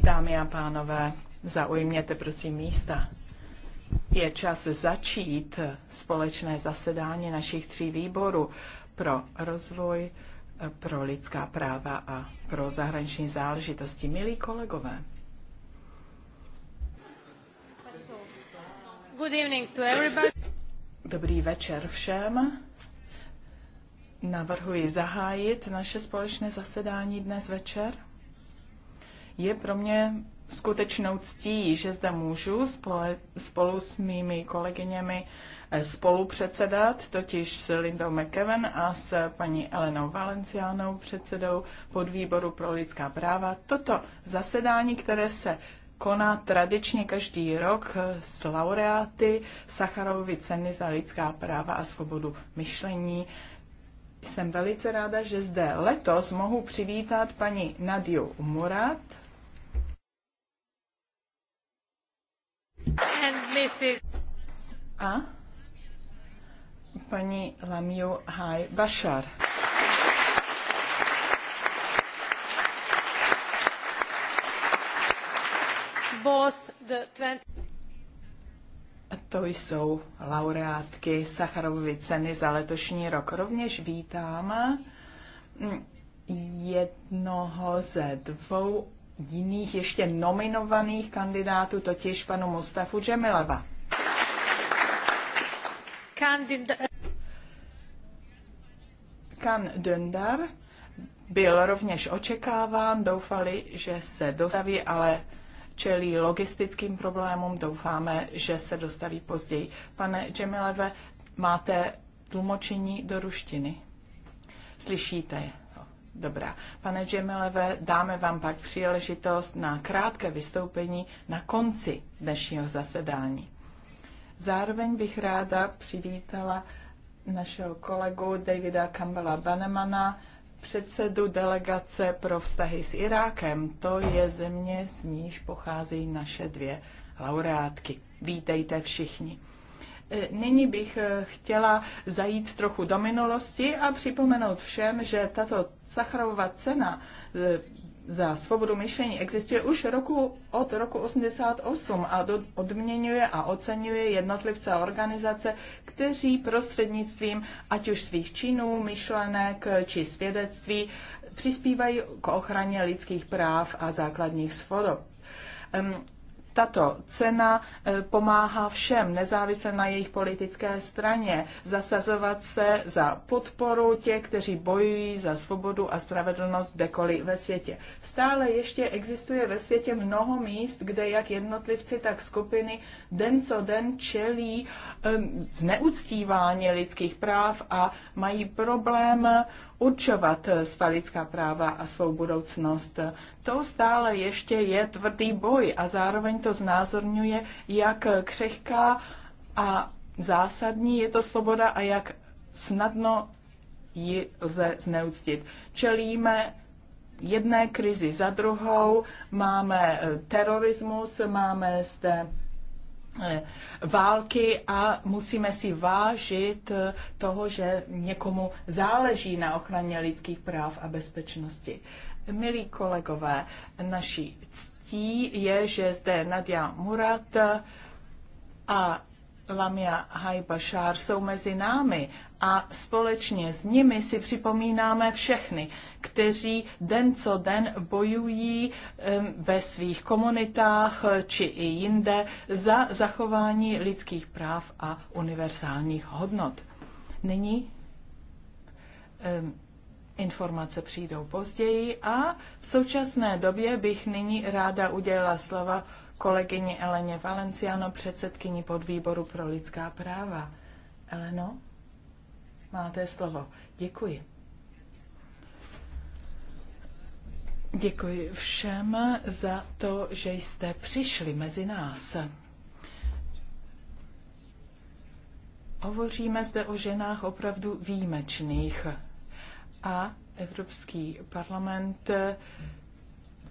Dámy a pánové, zaujměte prosím místa. Je čas začít společné zasedání našich tří výborů pro rozvoj, pro lidská práva a pro zahraniční záležitosti. Milí kolegové. Good evening to everybody. Dobrý večer všem. Navrhuji zahájit naše společné zasedání dnes večer. Je pro mě skutečnou ctí, že zde můžu spole, spolu s mými kolegyněmi eh, spolupředsedat, totiž s Lindou McKeven a s paní Elenou Valenciánou, předsedou podvýboru pro lidská práva. Toto zasedání, které se koná tradičně každý rok eh, s laureáty Sacharovovy ceny za lidská práva a svobodu myšlení, jsem velice ráda, že zde letos mohu přivítat paní Nadiu Murat. And Mrs. A paní Lamiu Hai Bashar. Both the 20 to jsou laureátky Sacharovy ceny za letošní rok. Rovněž vítám mm, jednoho ze dvou jiných ještě nominovaných kandidátů, totiž panu Mustafu Džemileva. Kan Döndar byl rovněž očekáván, doufali, že se dostaví, ale čelí logistickým problémům. Doufáme, že se dostaví později. Pane Džemileve, máte tlumočení do ruštiny? Slyšíte je? No, dobrá. Pane Džemileve, dáme vám pak příležitost na krátké vystoupení na konci dnešního zasedání. Zároveň bych ráda přivítala našeho kolegu Davida Campbella Banemana, předsedu delegace pro vztahy s Irákem. To je země, z níž pocházejí naše dvě laureátky. Vítejte všichni. E, nyní bych e, chtěla zajít trochu do minulosti a připomenout všem, že tato Sacharovova cena e, za svobodu myšlení existuje už roku, od roku 88 a do, odměňuje a oceňuje jednotlivce a organizace, kteří prostřednictvím ať už svých činů, myšlenek či svědectví přispívají k ochraně lidských práv a základních svobod. Tato cena e, pomáhá všem, nezávisle na jejich politické straně, zasazovat se za podporu těch, kteří bojují za svobodu a spravedlnost kdekoliv ve světě. Stále ještě existuje ve světě mnoho míst, kde jak jednotlivci, tak skupiny den co den čelí um, zneuctívání lidských práv a mají problém určovat eh, svá lidská práva a svou budoucnost. To stále ještě je tvrdý boj a zároveň to znázorňuje, jak křehká a zásadní je to svoboda a jak snadno ji lze zneuctit. Čelíme jedné krizi za druhou, máme eh, terorismus, máme zde Eh, války a musíme si vážit eh, toho, že někomu záleží na ochraně lidských práv a bezpečnosti. Milí kolegové, naší ctí je, že zde Nadia Murat eh, a Lamia Hajbašár jsou mezi námi a společně s nimi si připomínáme všechny, kteří den co den bojují ve svých komunitách či i jinde za zachování lidských práv a univerzálních hodnot. Nyní informace přijdou později a v současné době bych nyní ráda udělala slova kolegyni Eleně Valenciano, předsedkyni podvýboru pro lidská práva. Eleno, máte slovo. Děkuji. Děkuji všem za to, že jste přišli mezi nás. Hovoříme zde o ženách opravdu výjimečných a Evropský parlament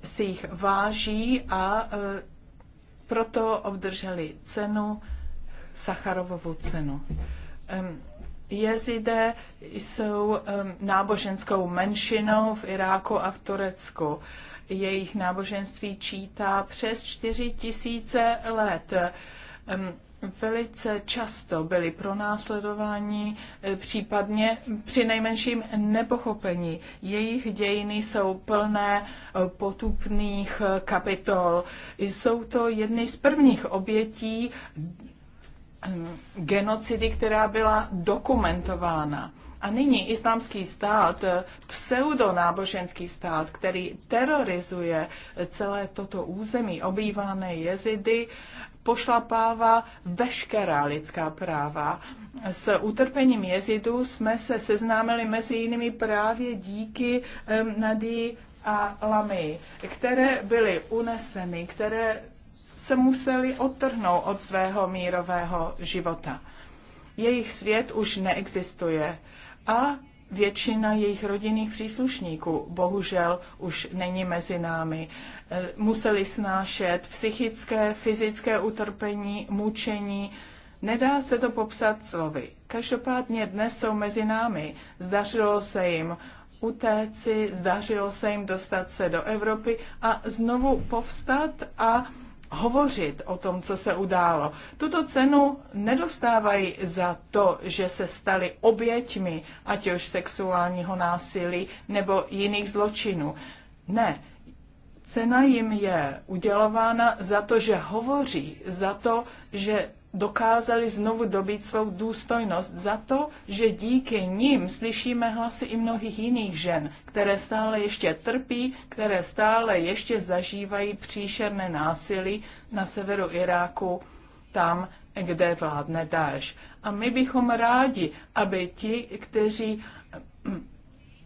si jich váží a e, proto obdrželi cenu, Sacharovovu cenu. Jezidé jsou náboženskou menšinou v Iráku a v Turecku. Jejich náboženství čítá přes 4 tisíce let velice často byli pronásledováni, eh, případně při nejmenším nepochopení. Jejich dějiny jsou plné eh, potupných eh, kapitol. Jsou to jedny z prvních obětí genocidy, která byla dokumentována. A nyní islámský stát, pseudonáboženský stát, který terorizuje celé toto území, obývané jezidy, pošlapává veškerá lidská práva. S utrpením jezidů jsme se seznámili mezi jinými právě díky um, Nadí a Lamy, které byly uneseny, které se museli odtrhnout od svého mírového života. Jejich svět už neexistuje a Většina jejich rodinných příslušníků bohužel už není mezi námi. Eh, museli snášet psychické, fyzické utrpení, mučení. Nedá se to popsat slovy. Každopádně dnes jsou mezi námi. Zdařilo se jim utéci, zdařilo se jim dostat se do Evropy a znovu povstat a hovořit o tom, co se událo. Tuto cenu nedostávají za to, že se stali oběťmi, ať už sexuálního násilí nebo jiných zločinů. Ne, cena jim je udělována za to, že hovoří, za to, že dokázali znovu dobít svou důstojnost za to, že díky ním slyšíme hlasy i mnohých jiných žen, které stále ještě trpí, které stále ještě zažívají příšerné násilí na severu Iráku, tam, kde vládne Dáš. A my bychom rádi, aby ti, kteří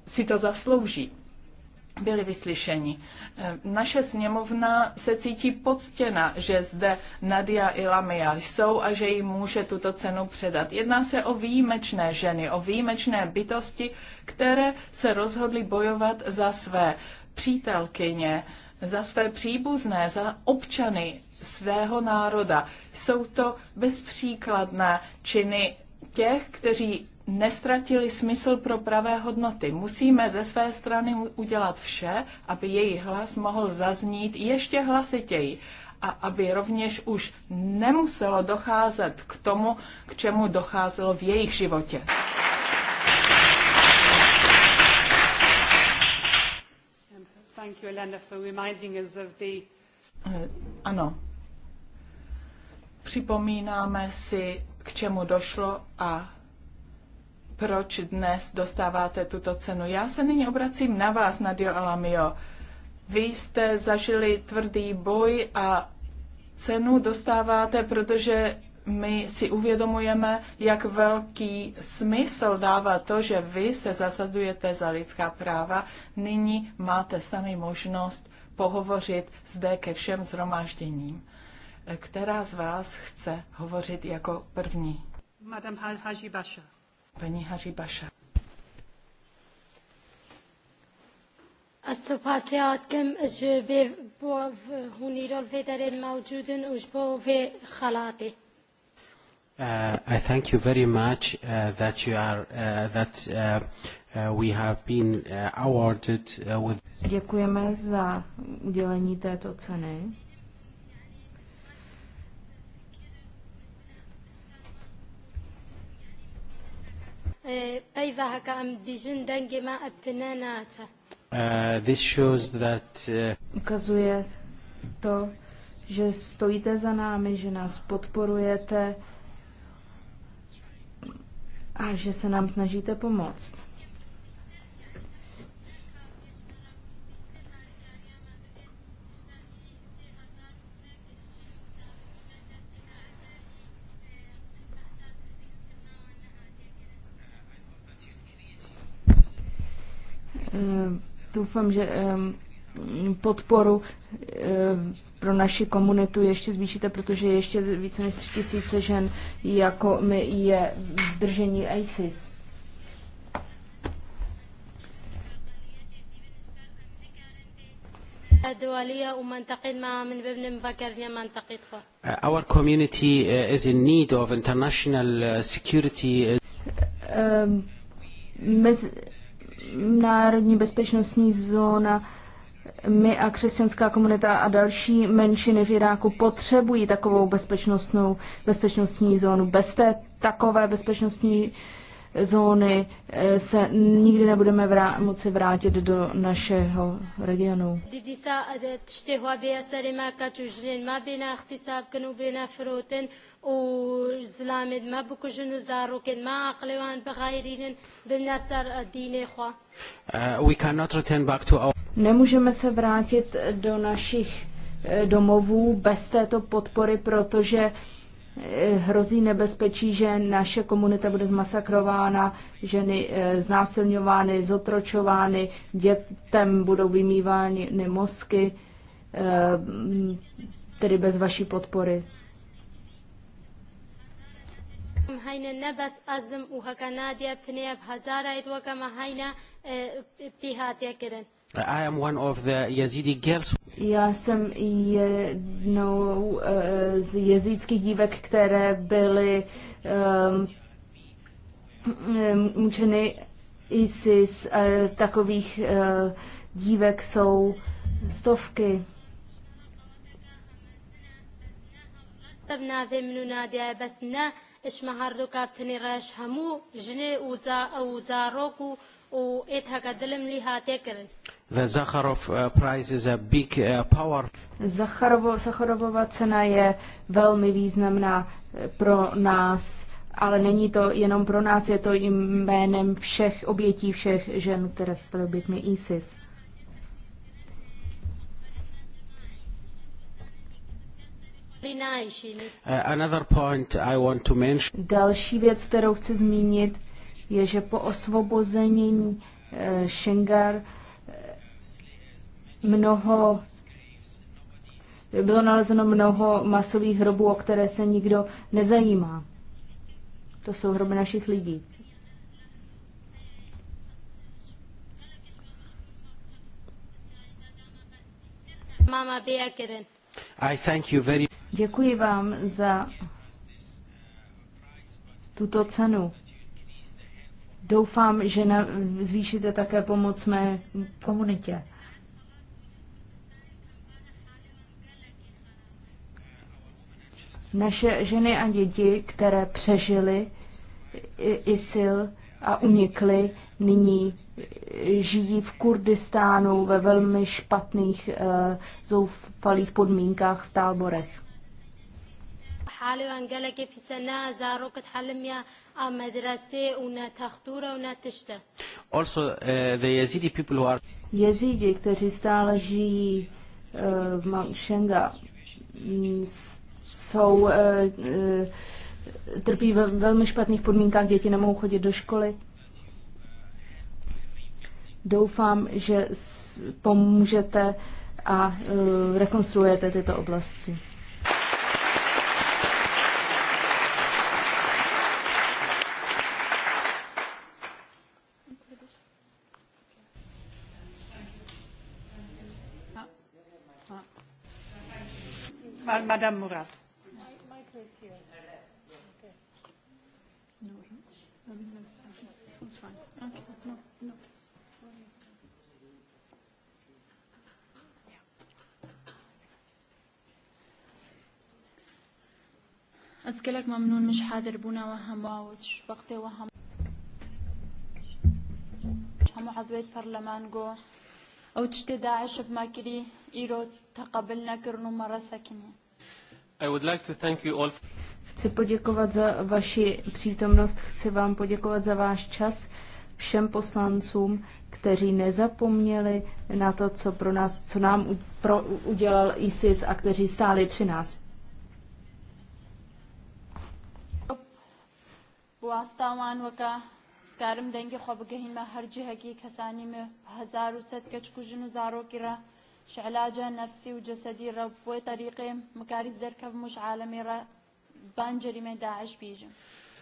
si to zaslouží, byli vyslyšeni. Eh, naše sněmovna se cítí poctěna, že zde Nadia i Lamia jsou a že jim může tuto cenu předat. Jedná se o výjimečné ženy, o výjimečné bytosti, které se rozhodly bojovat za své přítelkyně, za své příbuzné, za občany svého národa. Jsou to bezpříkladné činy těch, kteří nestratili smysl pro pravé hodnoty. Musíme ze své strany udělat vše, aby jejich hlas mohl zaznít ještě hlasitěji a aby rovněž už nemuselo docházet k tomu, k čemu docházelo v jejich životě. Thank you, Elena, for reminding us of the... Eh, ano. Připomínáme si, k čemu došlo a proč dnes dostáváte tuto cenu. Já se nyní obracím na vás, Nadio Alamio. Vy jste zažili tvrdý boj a cenu dostáváte, protože my si uvědomujeme, jak velký smysl dává to, že vy se zasazujete za lidská práva. Nyní máte sami možnost pohovořit zde ke všem zhromážděním. Která z vás chce hovořit jako první? Madame Hajibasha. Paní Haribaša. Uh, I thank you very much uh, that you are uh, that uh, uh, we have been uh, awarded uh, with. Děkujeme za udělení této ceny. Uh, this shows that, uh... Ukazuje to, že stojíte za námi, že nás podporujete a že se nám snažíte pomoct. Eh, doufám, že podporu eh, pro naši komunitu ještě zvýšíte, protože ještě více než 3 tisíce žen jako my je v držení ISIS. Uh, our community uh, is in need of international uh, security. Um, národní bezpečnostní zóna, my a křesťanská komunita a další menšiny v Iráku potřebují takovou bezpečnostnou, bezpečnostní zónu. Bez té takové bezpečnostní zóny eh, se nikdy nebudeme vrá- moci vrátit do našeho regionu. Uh, we cannot return back to our Nemůžeme se vrátit do našich eh, domovů bez této podpory, protože uh, Eh, hrozí nebezpečí, že naše komunita bude zmasakrována, ženy eh, znásilňovány, zotročovány, dětem budou vymývány mozky, eh, tedy bez vaší podpory. I am one of the Yazidi girls. Já jsem jednou uh, z jezíckých dívek, které byly um, mučeny ISIS. Uh, takových uh, dívek jsou stovky. بس نا The Zakharov uh, prize is a big uh, power. Zacharovo, Sacharovova cena je velmi významná uh, pro nás, ale není to jenom pro nás, je to jménem všech obětí, všech žen, které staly obětmi ISIS. Another point I want to mention. Další věc, kterou chci zmínit, je, že po osvobození Šengar eh, eh, mnoho bylo nalezeno mnoho masových hrobů, o které se nikdo nezajímá. To jsou hroby našich lidí. I thank you very... Děkuji vám za tuto cenu. Doufám, že na, zvýšíte také pomoc mé komunitě. Naše ženy a děti, které přežily ISIL a unikly, nyní žijí v Kurdistánu ve velmi špatných, eh, zoufalých podmínkách v táborech. حالوان و نەتەختورە و نەتشتە Also, uh, the Yazidi people who are... Jezidi, kteří stále žijí uh, v Manšenga, mm, jsou, uh, uh, trpí ve velmi špatných podmínkách, děti nemohou chodit do školy. Doufám, že pomůžete a uh, rekonstruujete tyto oblasti. Madame, Madame Murat. أسكلك ممنون مش حاضر بونا وهم واوش وقتي وهم هم عضوية برلمان جو أو تشتي داعش بماكري إيرو تقبلنا كرنو مرة ساكنين Chci poděkovat za vaši přítomnost, chci vám poděkovat za váš čas, všem poslancům, kteří nezapomněli na to, co, pro nás, co nám pro, udělal ISIS a kteří stáli při nás. شعلاجة نفسي وجسدي رب وطريقي مكاري زركب مش عالمي را بانجري من داعش بيجم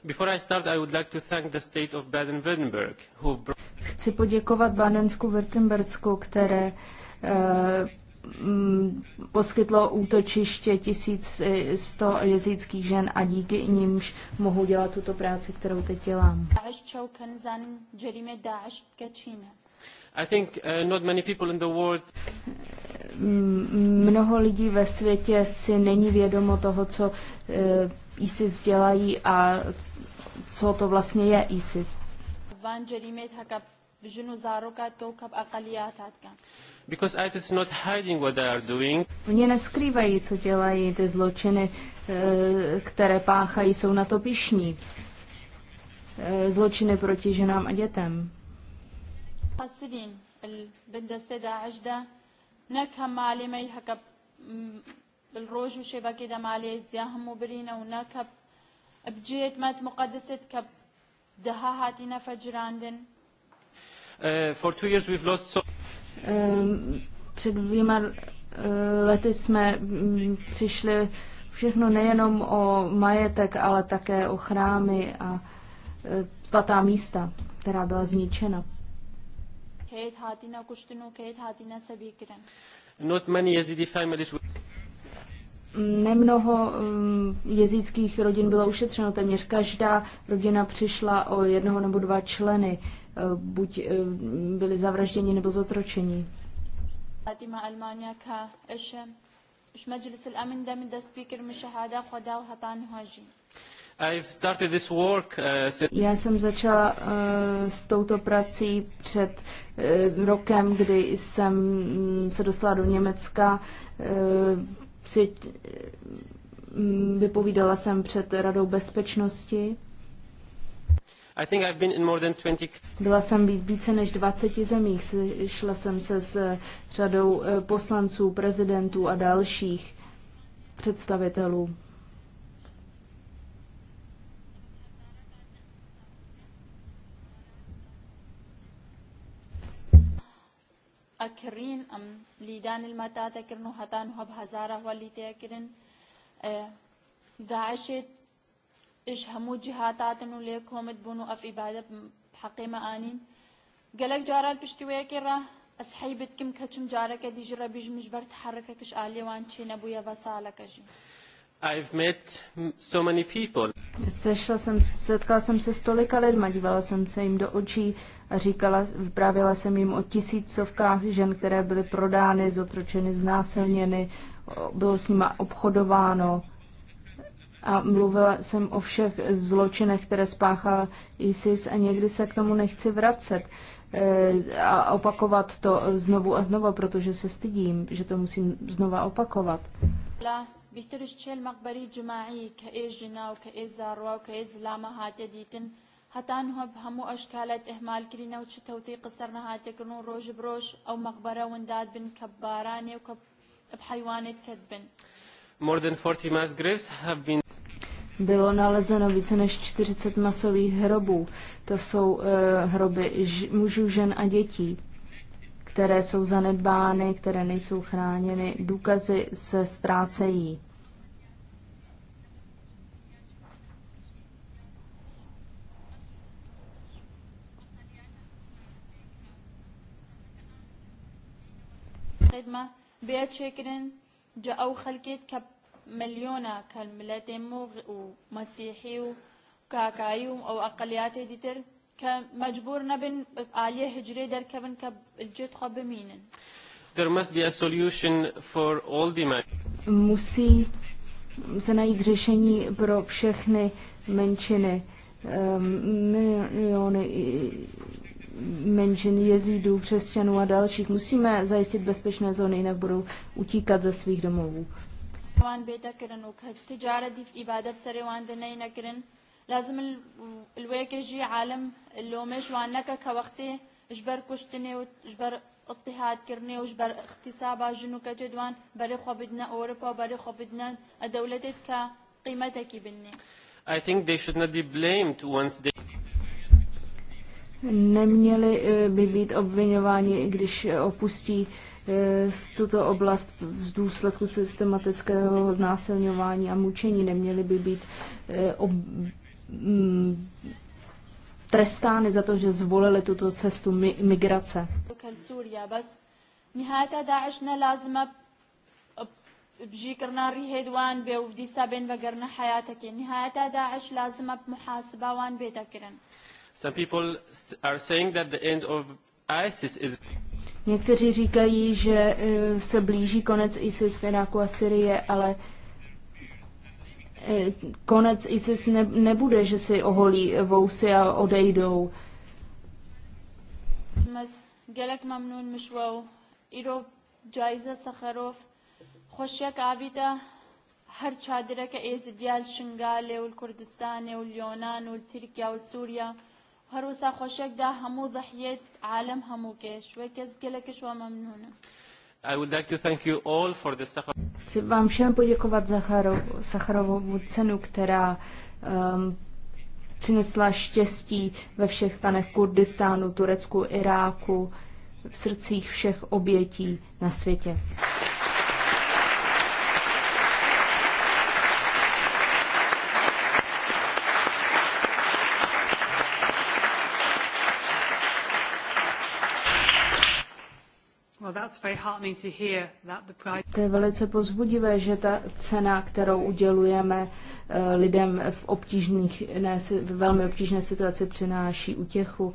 Before I start, I would like to thank the state of Baden-Württemberg, who brought... Chci poděkovat Badensku-Württembersku, které eh, mm, poskytlo útočiště 1100 jezíckých žen a díky nimž mohu dělat tuto práci, kterou teď dělám. Daesh i think uh, not many people in the world mnoho lidí ve světě si není vědomo toho, co uh, ISIS dělají a co to vlastně je ISIS. Because ISIS is not hiding what they are doing. Oni neskrývají, co dělají ty zločiny, eh, které páchají, jsou na to pišní. Eh, zločiny proti ženám a dětem. قسبين البندسة داعش دا نك هم مالي ما يحكب بالروج وشبكة دا مالي ازياهم وبرينا ونك بجيت مات مقدسة كب دها هاتينا فجراندن Uh, for two years we've lost so um, před dvěma uh, lety jsme mm, přišli všechno nejenom o majetek, ale také o chrámy a svatá uh, místa, která byla zničena. Not many Yazidi families Nemnoho um, jezíckých rodin bylo ušetřeno, téměř každá rodina přišla o jednoho nebo dva členy, uh, buď uh, byli zavražděni nebo zotročeni. Uh, Já jsem začala uh, s touto prací před uh, rokem, kdy jsem mm, se dostala do Německa. Uh, si, mm, vypovídala jsem před Radou bezpečnosti. I think I've been in more than 20... Byla jsem více než 20 zemích, šla jsem se s eh, řadou eh, poslanců, prezidentů a dalších představitelů. اکرین ام لیدان المتا تکرن و حتان هب هزاره ولی تکرن داعشت اش همو جهاتاتن و لیک همت بونو اف عبادت حقی معانین قلق جارال پشتوی کرا اصحي بتكم كتم جارك دي جرا بيج مجبر تحركك اش علي وان تشين ابويا وسالك اجي I've met so many people. Sešla jsem, setkala jsem se s tolika lidma, dívala jsem se jim do očí, říkala, vyprávěla jsem jim o tisícovkách žen, které byly prodány, zotročeny, znásilněny, bylo s nimi obchodováno. A mluvila jsem o všech zločinech, které spáchal ISIS a někdy se k tomu nechci vracet e, a opakovat to znovu a znovu, protože se stydím, že to musím znova opakovat. هەتا نوە هەموو ئەشکالات ئەهمالکردینە و چ تەوتیقی سەرنەهاتێکردن و ڕۆژ برۆژ ئەو مەقبەرە ونداد بن کە بارانێ و کە حیوانێت کەت بن. More than 40 mass graves have bylo nalezeno více než 40 masových hrobů. To jsou uh, hroby mužů, žen a dětí, které jsou zanedbány, které nejsou chráněny. Důkazy se ztrácejí. خدمة بيت شكرن جاءوا خلقيت كب مليونة كالملاتيمو ومسيحي وكاكايو أو أقليات ديتر كمجبور نبن آلية هجري در كبن كب الجيت خب مينن There must be a solution for all the Musí se najít řešení pro všechny menšiny, um, miliony menšin jezídů, křesťanů a dalších. Musíme zajistit bezpečné zóny, jinak budou utíkat ze svých domovů. اضطهاد كرني وجبر اختصابا جنوك جدوان بري خبدنا أوروبا بري خبدنا دولتك قيمتك بني I think they should not be blamed once they neměli eh, by být obvinováni, když opustí z eh, tuto oblast v důsledku systematického znásilňování a mučení. Neměli by být eh, ob... Mm, trestány za to, že zvolili tuto cestu migrace. Some people are saying that the end of ISIS is... Někteří říkají, že eh, se blíží konec ISIS v Iráku a Syrii, ale eh, konec ISIS ne, nebude, že si oholí vousy a odejdou. گەلک مەمنون مشوە و ئیرۆ جایزە و کوردستانێ و لیۆناان و تورکیا و سووریا هروسا خوشك دا همو ضحية عالم همو كيش وكز كلكش وممنونة I would like to thank you all for the Sakharov. Chci vám všem poděkovat za Sacharovovu cenu, která um, přinesla štěstí ve všech stanech Kurdistánu, Turecku, Iráku, v srdcích všech obětí na světě. To je velice pozbudivé, že ta cena, kterou udělujeme eh, lidem v obtížných, ne, v velmi obtížné situaci, přináší útěchu.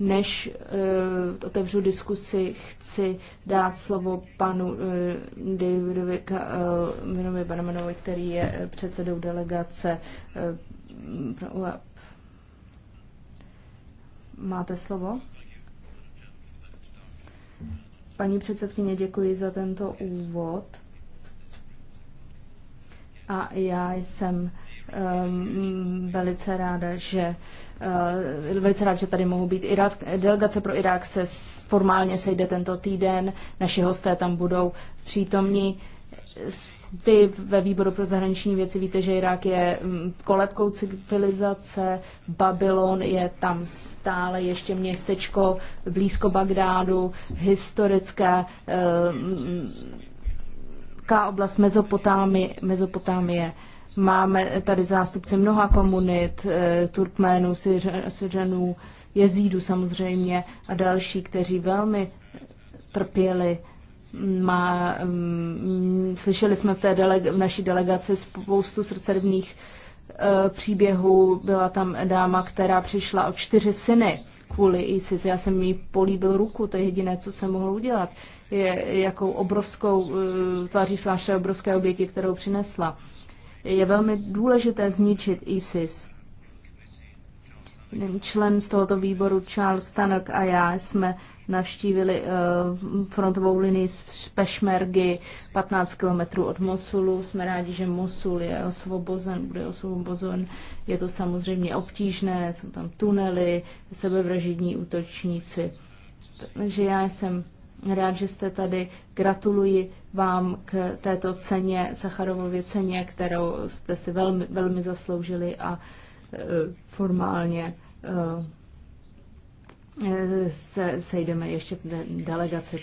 Než uh, otevřu diskusi, chci dát slovo panu uh, Davidovi uh, Banamanovi, který je předsedou delegace uh, Máte slovo? Paní předsedkyně, děkuji za tento úvod. A já jsem um, velice ráda, že uh, velice rád, že tady mohu být. Irak, delegace pro Irák se formálně sejde tento týden, naši hosté tam budou přítomní. Uh, vy ve výboru pro zahraniční věci víte, že Irák je mm, kolebkou civilizace, Babylon je tam stále ještě městečko blízko Bagdádu, historické eh, mm, oblast Mezopotámie, Mezopotámie. Máme tady zástupce mnoha komunit, eh, Turkménů, Syřanů, Jezídu samozřejmě a další, kteří velmi trpěli má, um, slyšeli jsme v, té dele, v naší delegaci spoustu srdcervných uh, příběhů. Byla tam dáma, která přišla o čtyři syny kvůli ISIS. Já jsem jí políbil ruku, to je jediné, co jsem mohl udělat. Je, jakou obrovskou uh, tváří fláše obrovské oběti, kterou přinesla. Je velmi důležité zničit ISIS. Člen z tohoto výboru Charles Tanak a já jsme navštívili eh, frontovou linii z Pešmergy 15 kilometrů od Mosulu. Jsme rádi, že Mosul je osvobozen, bude osvobozen. Je to samozřejmě obtížné, jsou tam tunely, sebevražední útočníci. Takže já jsem rád, že jste tady. Gratuluji vám k této ceně, Sacharovově ceně, kterou jste si velmi, velmi zasloužili a eh, formálně eh, se sejdeme ještě v delegaci.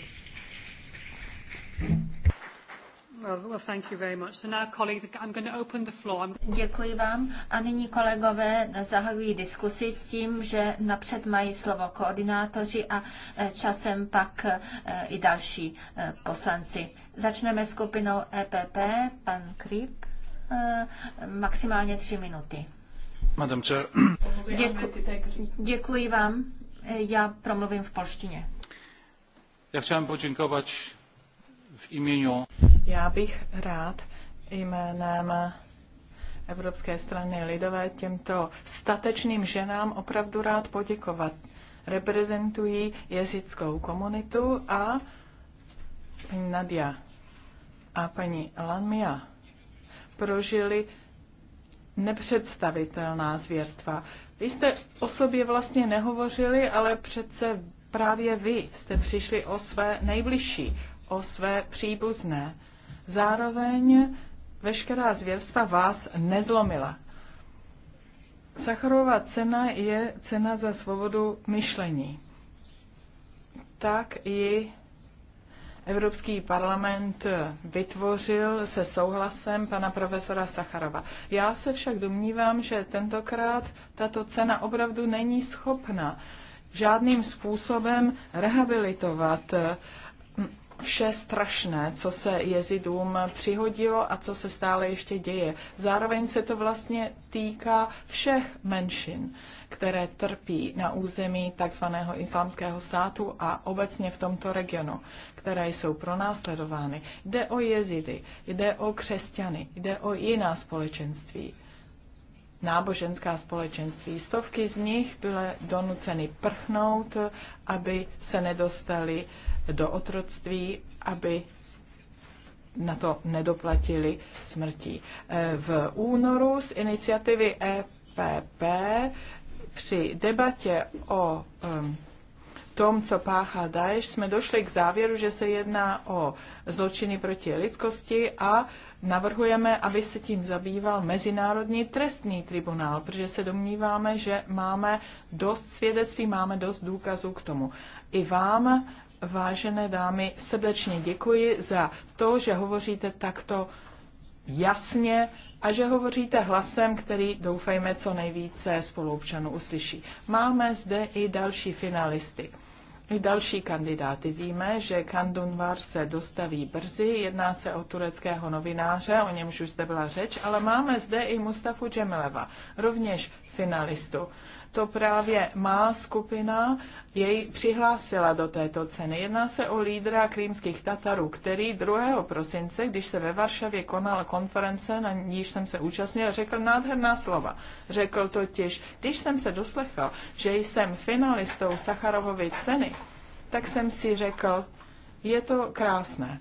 Děkuji vám. A nyní kolegové zahajují diskusi s tím, že napřed mají slovo koordinátoři a eh, časem pak eh, i další eh, poslanci. Začneme skupinou EPP, pan Krip, maximálně tři minuty. Děkuji, děkuji vám, já promluvím v polštině. Já chciałem poděkovat v jménu. Já bych rád jménem Evropské strany lidové těmto statečným ženám opravdu rád poděkovat. Reprezentují jezickou komunitu a paní Nadia a paní Lanmia prožili nepředstavitelná zvěrstva. Vy jste o sobě vlastně nehovořili, ale přece právě vy jste přišli o své nejbližší, o své příbuzné. Zároveň veškerá zvěrstva vás nezlomila. Sacharová cena je cena za svobodu myšlení. Tak ji Evropský parlament vytvořil se souhlasem pana profesora Sacharova. Já se však domnívám, že tentokrát tato cena opravdu není schopna žádným způsobem rehabilitovat hm, vše strašné, co se jezidům přihodilo a co se stále ještě děje. Zároveň se to vlastně týká všech menšin, které trpí na území takzvaného islámského státu a obecně v tomto regionu které jsou pronásledovány. Jde o jezidy, jde o křesťany, jde o jiná společenství. Náboženská společenství. Stovky z nich byly donuceny prchnout, aby se nedostali do otroctví, aby na to nedoplatili smrtí. Eh, v únoru z iniciativy EPP při debatě o um, tom, co páchá Daesh, jsme došli k závěru, že se jedná o zločiny proti lidskosti a navrhujeme, aby se tím zabýval Mezinárodní trestní tribunál, protože se domníváme, že máme dost svědectví, máme dost důkazů k tomu. I vám, vážené dámy, srdečně děkuji za to, že hovoříte takto jasně a že hovoříte hlasem, který doufejme co nejvíce spoluobčanů uslyší. Máme zde i další finalisty. I další kandidáty. Víme, že Kandunvar se dostaví brzy, jedná se o tureckého novináře, o němž už zde byla řeč, ale máme zde i Mustafu Džemileva, rovněž finalistu to právě má skupina, jej přihlásila do této ceny. Jedná se o lídra krýmských Tatarů, který 2. prosince, když se ve Varšavě konala konference, na níž jsem se účastnil, řekl nádherná slova. Řekl totiž, když jsem se doslechal, že jsem finalistou Sacharovovy ceny, tak jsem si řekl, je to krásné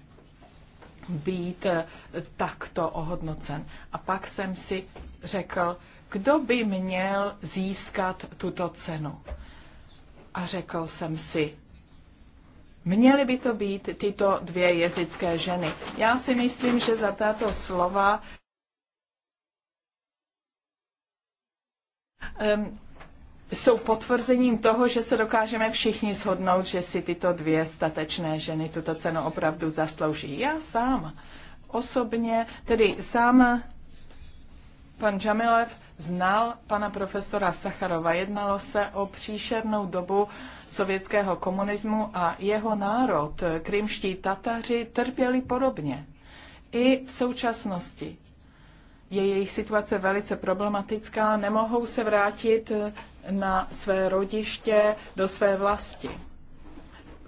být takto ohodnocen. A pak jsem si řekl, kdo by měl získat tuto cenu. A řekl jsem si, Měly by to být tyto dvě jezické ženy. Já si myslím, že za tato slova um, jsou potvrzením toho, že se dokážeme všichni shodnout, že si tyto dvě statečné ženy tuto cenu opravdu zaslouží. Já sám osobně, tedy sám pan Žamilev znal pana profesora Sacharova. Jednalo se o příšernou dobu sovětského komunismu a jeho národ, krymští Tataři, trpěli podobně. I v současnosti je jejich situace velice problematická, nemohou se vrátit eh, na své rodiště, do své vlasti.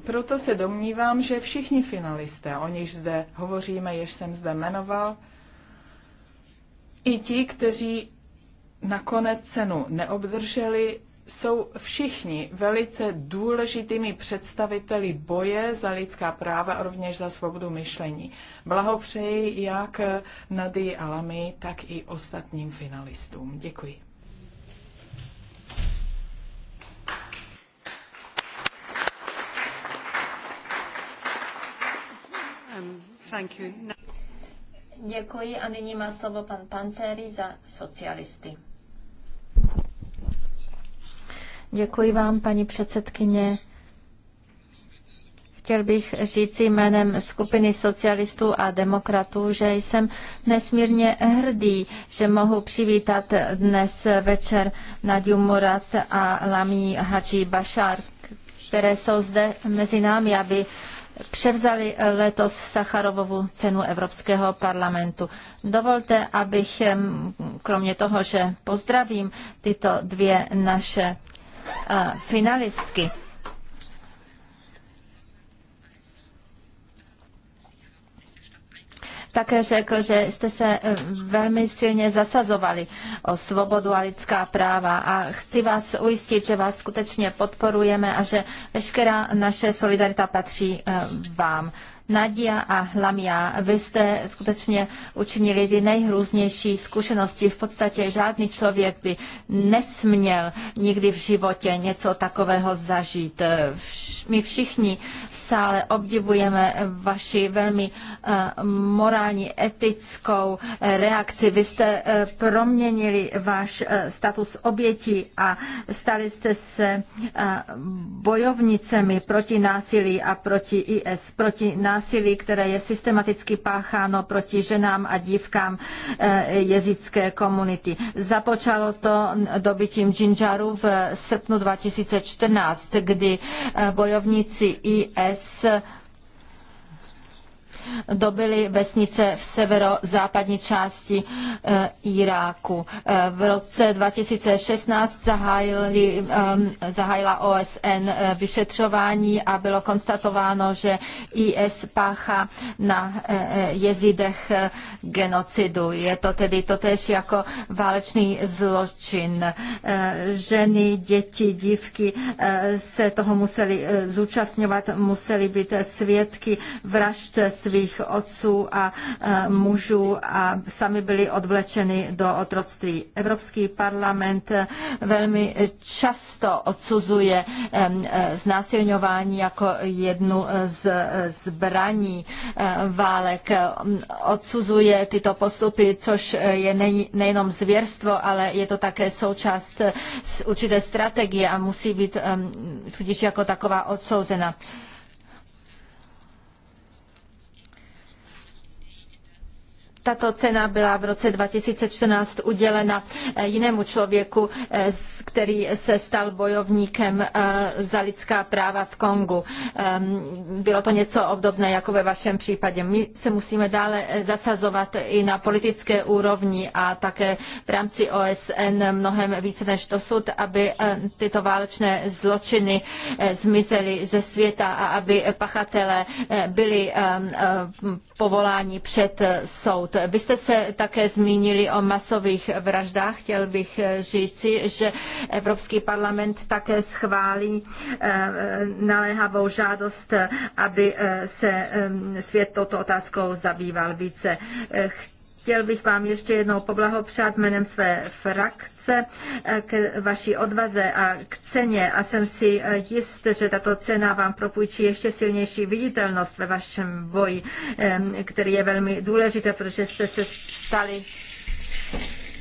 Proto se domnívám, že všichni finalisté, o nichž zde hovoříme, jež jsem zde jmenoval, i ti, kteří nakonec cenu neobdrželi, jsou všichni velice důležitými představiteli boje za lidská práva a rovněž za svobodu myšlení. Blahopřeji jak Nady Alami, tak i ostatním finalistům. Děkuji. Um, thank you. Děkuji a nyní má slovo pan Panceri za socialisty. Děkuji vám, paní předsedkyně. Chtěl bych říci jménem skupiny socialistů a demokratů, že jsem nesmírně hrdý, že mohu přivítat dnes večer Nadiu Murat a Lami Haji Bashar, které jsou zde mezi námi, aby převzali letos Sacharovovu cenu Evropského parlamentu. Dovolte, abych kromě toho, že pozdravím tyto dvě naše finalistky. Také řekl, že jste se e, velmi silně zasazovali o svobodu a lidská práva a chci vás ujistit, že vás skutečně podporujeme a že veškerá naše solidarita patří e, vám. Nadia a Hlamia, vy jste skutečně učinili ty nejhrůznější zkušenosti. V podstatě žádný člověk by nesměl nikdy v životě něco takového zažít. My všichni sále obdivujeme vaši velmi eh, morální, etickou eh, reakci. Vy jste eh, proměnili váš status oběti a stali jste se bojovnicemi proti násilí a proti IS, proti násilí, které je systematicky pácháno proti ženám a dívkám jezické komunity. Započalo to dobytím Džinžaru v srpnu 2014, kdy bojovníci IS bez dobili vesnice v severozápadní části eh, Iráku. Eh, v roce 2016 zahájili, ehm, zahájila OSN eh, vyšetřování a bylo konstatováno, že IS pácha na jezidech genocidu. Je to tedy totež jako válečný zločin. Ženy, děti, dívky se toho museli zúčastňovat, museli být svědky vražd svědky svých otců a e, mužů a sami byli odvlečeni do otroctví. Evropský parlament e, velmi často odsuzuje e, znásilňování jako jednu z zbraní válek. Odsuzuje tyto postupy, což je nejenom zvěrstvo, ale je to také součást určité strategie a musí být tudíž jako taková odsouzena. Tato cena byla v roce 2014 udělena eh, jinému člověku, eh, který se stal bojovníkem eh, za lidská práva v Kongu. Ehm, bylo to něco obdobné jako ve vašem případě. My se musíme dále zasazovat i na politické úrovni a také v rámci OSN mnohem více než dosud, aby tyto válečné zločiny zmizely ze světa a aby pachatelé byli ehm, povoláni před soud. Vy jste se také zmínili o masových vraždách. Chtěl bych eh, říci, že Evropský parlament také schválí eh, naléhavou žádost, eh, aby se ehm, svět touto otázkou zabýval více. Chci Chtěl bych vám ještě jednou poblahopřát jménem své frakce eh, k vaší odvaze a k ceně a jsem si eh, jist, že tato cena vám propůjčí ještě silnější viditelnost ve vašem boji, eh, který je velmi důležité, protože jste se stali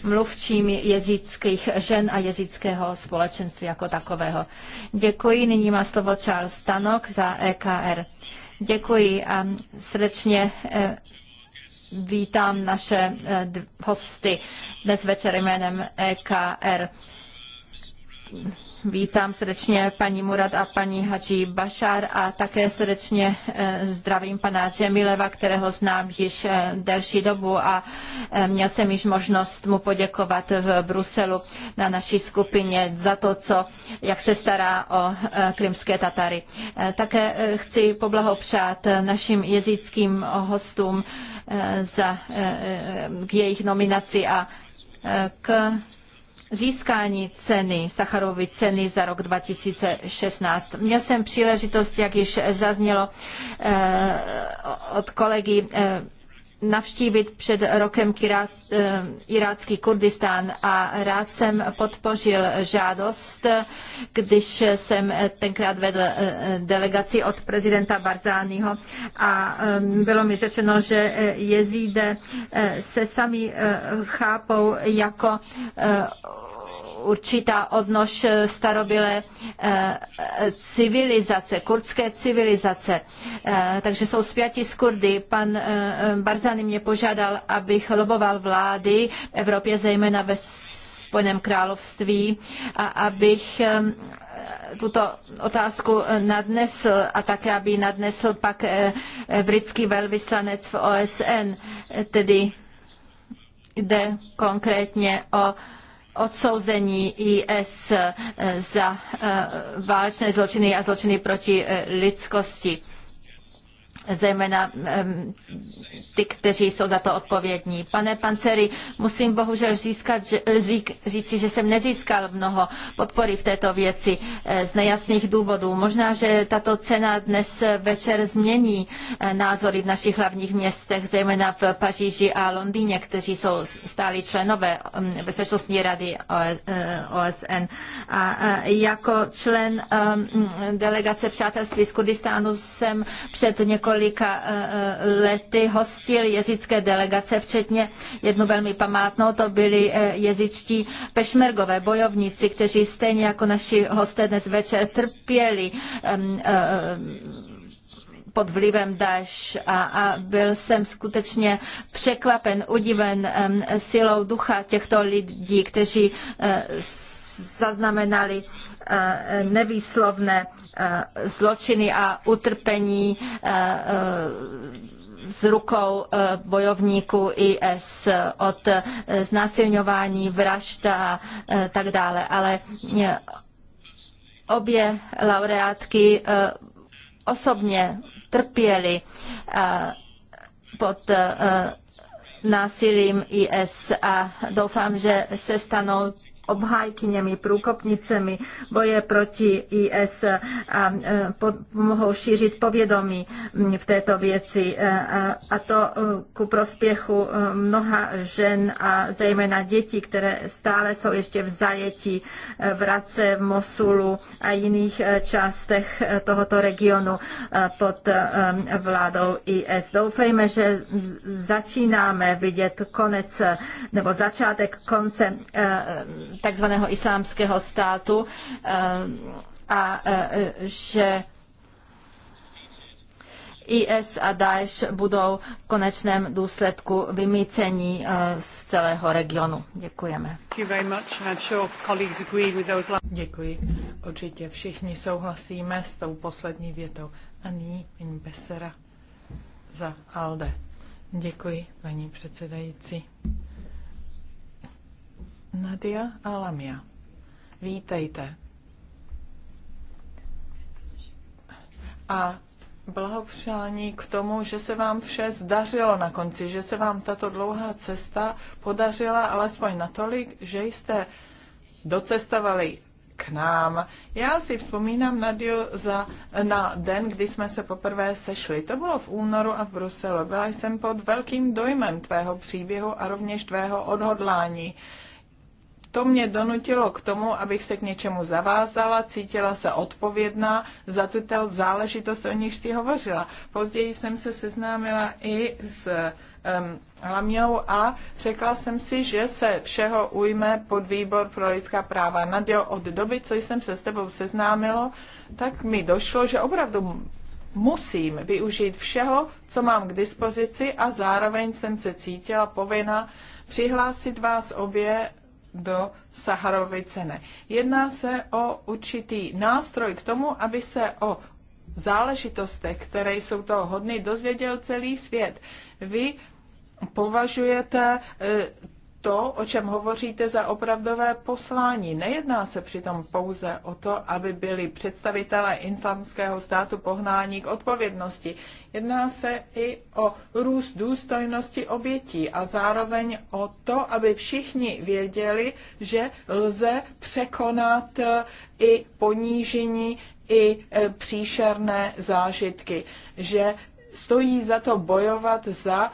mluvčími jezických žen a jezického společenství jako takového. Děkuji. Nyní má slovo Charles Stanok za EKR. Děkuji a srdečně vítám naše eh, hosty dnes večer jménem EKR. Vítám srdečně paní Murad a paní Hadži Bašar a také srdečně eh, zdravím pana Džemileva, kterého znám již eh, delší dobu a eh, měl jsem již možnost mu poděkovat v Bruselu na naší skupině za to, co, jak se stará o krymské Tatary. Také chci poblahopřát našim jezickým hostům za, k jejich nominaci a k získání ceny, Sacharovy ceny za rok 2016. Měl jsem příležitost, jak již zaznělo eh, od kolegy, eh, navštívit před rokem eh, irácký Kurdistán a rád jsem podpořil žádost, když jsem tenkrát vedl eh, delegaci od prezidenta Barzányho a eh, bylo mi řečeno, že jezíde se sami chápou jako určitá odnož eh, starobylé eh, civilizace, kurdské civilizace. Eh, takže jsou spjati s Kurdy. Pan Barzani mě požádal, abych loboval vlády v Evropě, zejména ve Spojeném království, a abych tuto otázku nadnesl a také, aby nadnesl pak britský velvyslanec v OSN, tedy jde konkrétně o odsouzení IS eh, za eh, válečné zločiny a zločiny proti eh, lidskosti zejména ty, kteří jsou za to odpovědní. Pane Panceri, musím bohužel získat, řík, říci, že jsem nezískal mnoho podpory v této věci eh, z nejasných důvodů. Možná, že tato cena dnes večer změní eh, názory v našich hlavních městech, zejména v Paříži a Londýně, kteří jsou stáli členové Bezpečnostní rady OSN. E, eh, a jako člen delegace přátelství z Kudistánu jsem před několik několika eh, eh, lety hostil jezické delegace, včetně jednu velmi památnou, to byli eh, jezičtí pešmergové bojovníci, kteří stejně jako naši hosté dnes večer trpěli pod vlivem Daš a, a byl jsem skutečně překvapen, udiven um, silou ducha těchto lidí, kteří uh, zaznamenali uh, nevýslovné uh, Eh, zločiny a utrpení eh, eh, z rukou bojovníků IS od znásilňování, vražd a tak dále. Ale obě laureátky osobně trpěly pod násilím IS a doufám, že se stanou obhájkyněmi, průkopnicemi boje proti IS a mohou šířit povědomí v této věci a to e, ku prospěchu e, mnoha žen a zejména dětí, které stále jsou ještě v zajetí e, v Race, v Mosulu a jiných částech tohoto regionu pod vládou IS. Doufejme, že začínáme vidět konec nebo začátek konce takzvaného islámského státu eh, a eh, že IS a Daesh budou v konečném důsledku vymícení eh, z celého regionu. Děkujeme. Děkuji. Určitě všichni souhlasíme s tou poslední větou. A nyní paní Besera za ALDE. Děkuji, paní předsedající. Nadia Alamia. Vítejte. A blahopřání k tomu, že se vám vše zdařilo na konci, že se vám tato dlouhá cesta podařila alespoň natolik, že jste docestovali k nám. Já si vzpomínám na, za, na den, kdy jsme se poprvé sešli. To bylo v únoru a v Bruselu. Byla jsem pod velkým dojmem tvého příběhu a rovněž tvého odhodlání. Uh, to mě donutilo k tomu, abych se k něčemu zavázala, cítila se odpovědná za tuto záležitost, o níž ty hovořila. Později jsem se seznámila i s um, Lamňou a řekla jsem si, že se všeho ujme pod výbor pro lidská práva. Naděl, od doby, co jsem se s tebou seznámila, tak mi došlo, že opravdu musím využít všeho, co mám k dispozici a zároveň jsem se cítila povinna přihlásit vás obě do Saharovy ceny. Jedná se o určitý nástroj k tomu, aby se o záležitostech, které jsou toho hodny, dozvěděl celý svět. Vy považujete eh, to, o čem hovoříte, za opravdové poslání. Nejedná se přitom pouze o to, aby byli představitelé islamského státu pohnání k odpovědnosti. Jedná se i o růst důstojnosti obětí a zároveň o to, aby všichni věděli, že lze překonat eh, i ponížení, i eh, příšerné zážitky, že stojí za to bojovat za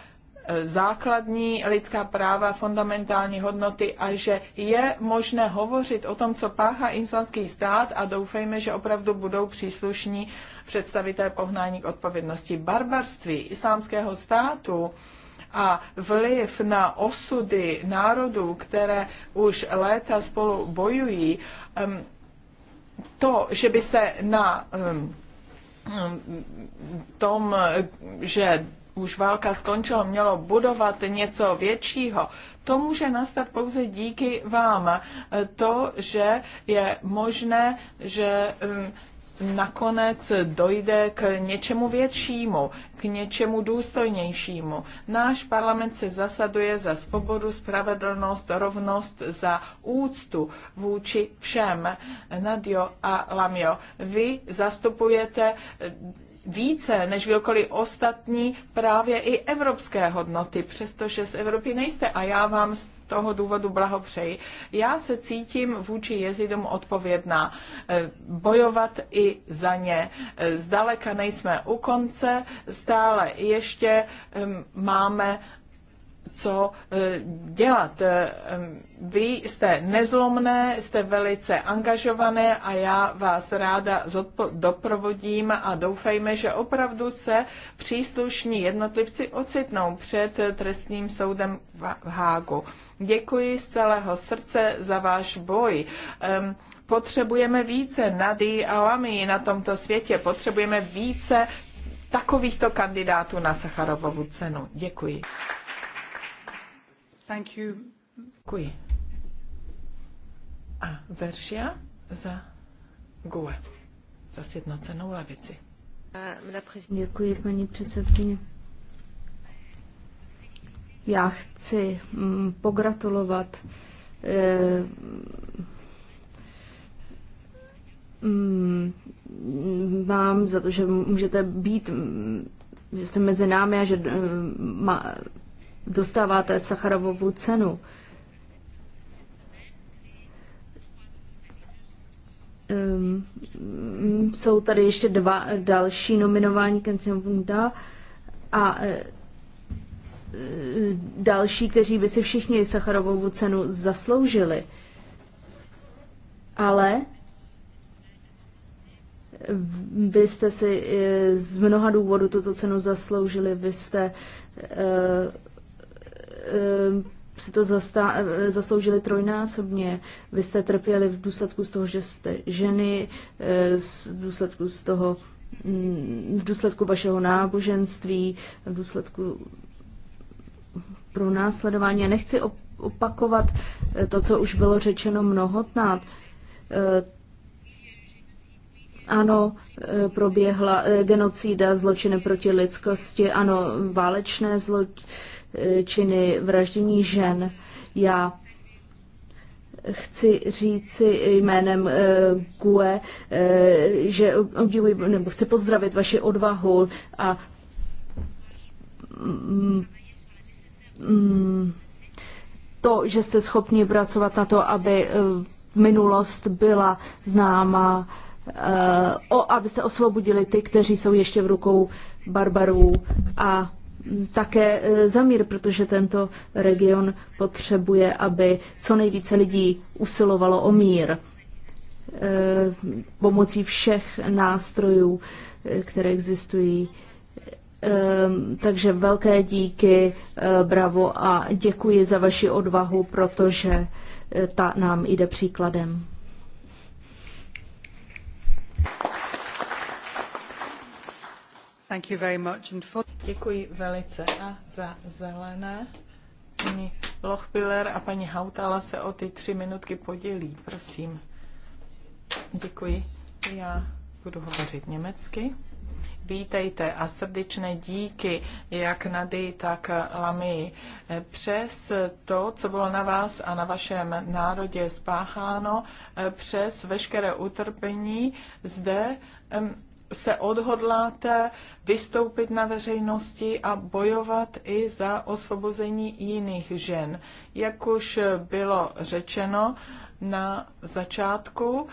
základní lidská práva, fundamentální hodnoty a že je možné hovořit o tom, co páchá islamský stát a doufejme, že opravdu budou příslušní představitelé pohnání k odpovědnosti. Barbarství islámského státu a vliv na osudy národů, které už léta spolu bojují, to, že by se na tom, že už válka skončila, mělo budovat něco většího. To může nastat pouze díky vám. To, že je možné, že mm, nakonec dojde k něčemu většímu, k něčemu důstojnějšímu. Náš parlament se zasaduje za svobodu, spravedlnost, rovnost, za úctu vůči všem. Nadio a Lamio, vy zastupujete více než kdokoliv ostatní právě i evropské hodnoty, přestože z Evropy nejste. A já vám toho důvodu blahopřeji. Já se cítím vůči jezidům odpovědná. Eh, bojovat i za ně. Eh, zdaleka nejsme u konce, stále ještě ehm, máme co e, dělat. E, vy jste nezlomné, jste velice angažované a já vás ráda doprovodím a doufejme, že opravdu se příslušní jednotlivci ocitnou před trestním soudem v Hágu. Děkuji z celého srdce za váš boj. Potřebujeme více Nady a Lamy na tomto světě. Potřebujeme více takovýchto kandidátů na Sacharovovu cenu. Děkuji. Thank you. Děkuji. A Veršia za GUE, za sjednocenou levici. Děkuji, paní předsedkyně. Já chci mm, pogratulovat eh, mm, vám za to, že můžete být, že jste mezi námi a že eh, má, dostáváte Sacharovovu cenu. Um, jsou tady ještě dva další nominování Kentinobunda a e, e, další, kteří by si všichni Sacharovovu cenu zasloužili. Ale vy jste si e, z mnoha důvodů tuto cenu zasloužili, vy jste Eh, se to zastá, eh, zasloužili trojnásobně. Vy jste trpěli v důsledku z toho, že jste ženy, v eh, důsledku z toho, mm, v důsledku vašeho náboženství, v důsledku pro následování. Já nechci opakovat to, co už bylo řečeno mnohotnát. Ano, proběhla genocída, zločiny proti lidskosti, ano, válečné zločiny, Eh, činy vraždění žen. Já chci říci jménem eh, GUE, e, že obdivuji, nebo chci pozdravit vaši odvahu a mm, mm to, že jste schopni pracovat na to, aby minulost byla známa, e, o, abyste osvobodili ty, kteří jsou ještě v rukou barbarů a také e, za mír, protože tento region potřebuje, aby co nejvíce lidí usilovalo o mír e, pomocí všech nástrojů, e, které existují. Takže velké díky, bravo a děkuji za vaši odvahu, protože ta nám jde příkladem. Děkuji velice a za zelené. Paní Lochbiller a paní Hautala se o ty tři minutky podělí, prosím. Děkuji. Já budu hovořit německy. Vítejte a srdečné díky jak Nady, tak Lamy. Přes to, co bylo na vás a na vašem národě spácháno, přes veškeré utrpení zde se odhodláte vystoupit na veřejnosti a bojovat i za osvobození jiných žen. Jak už bylo řečeno na začátku,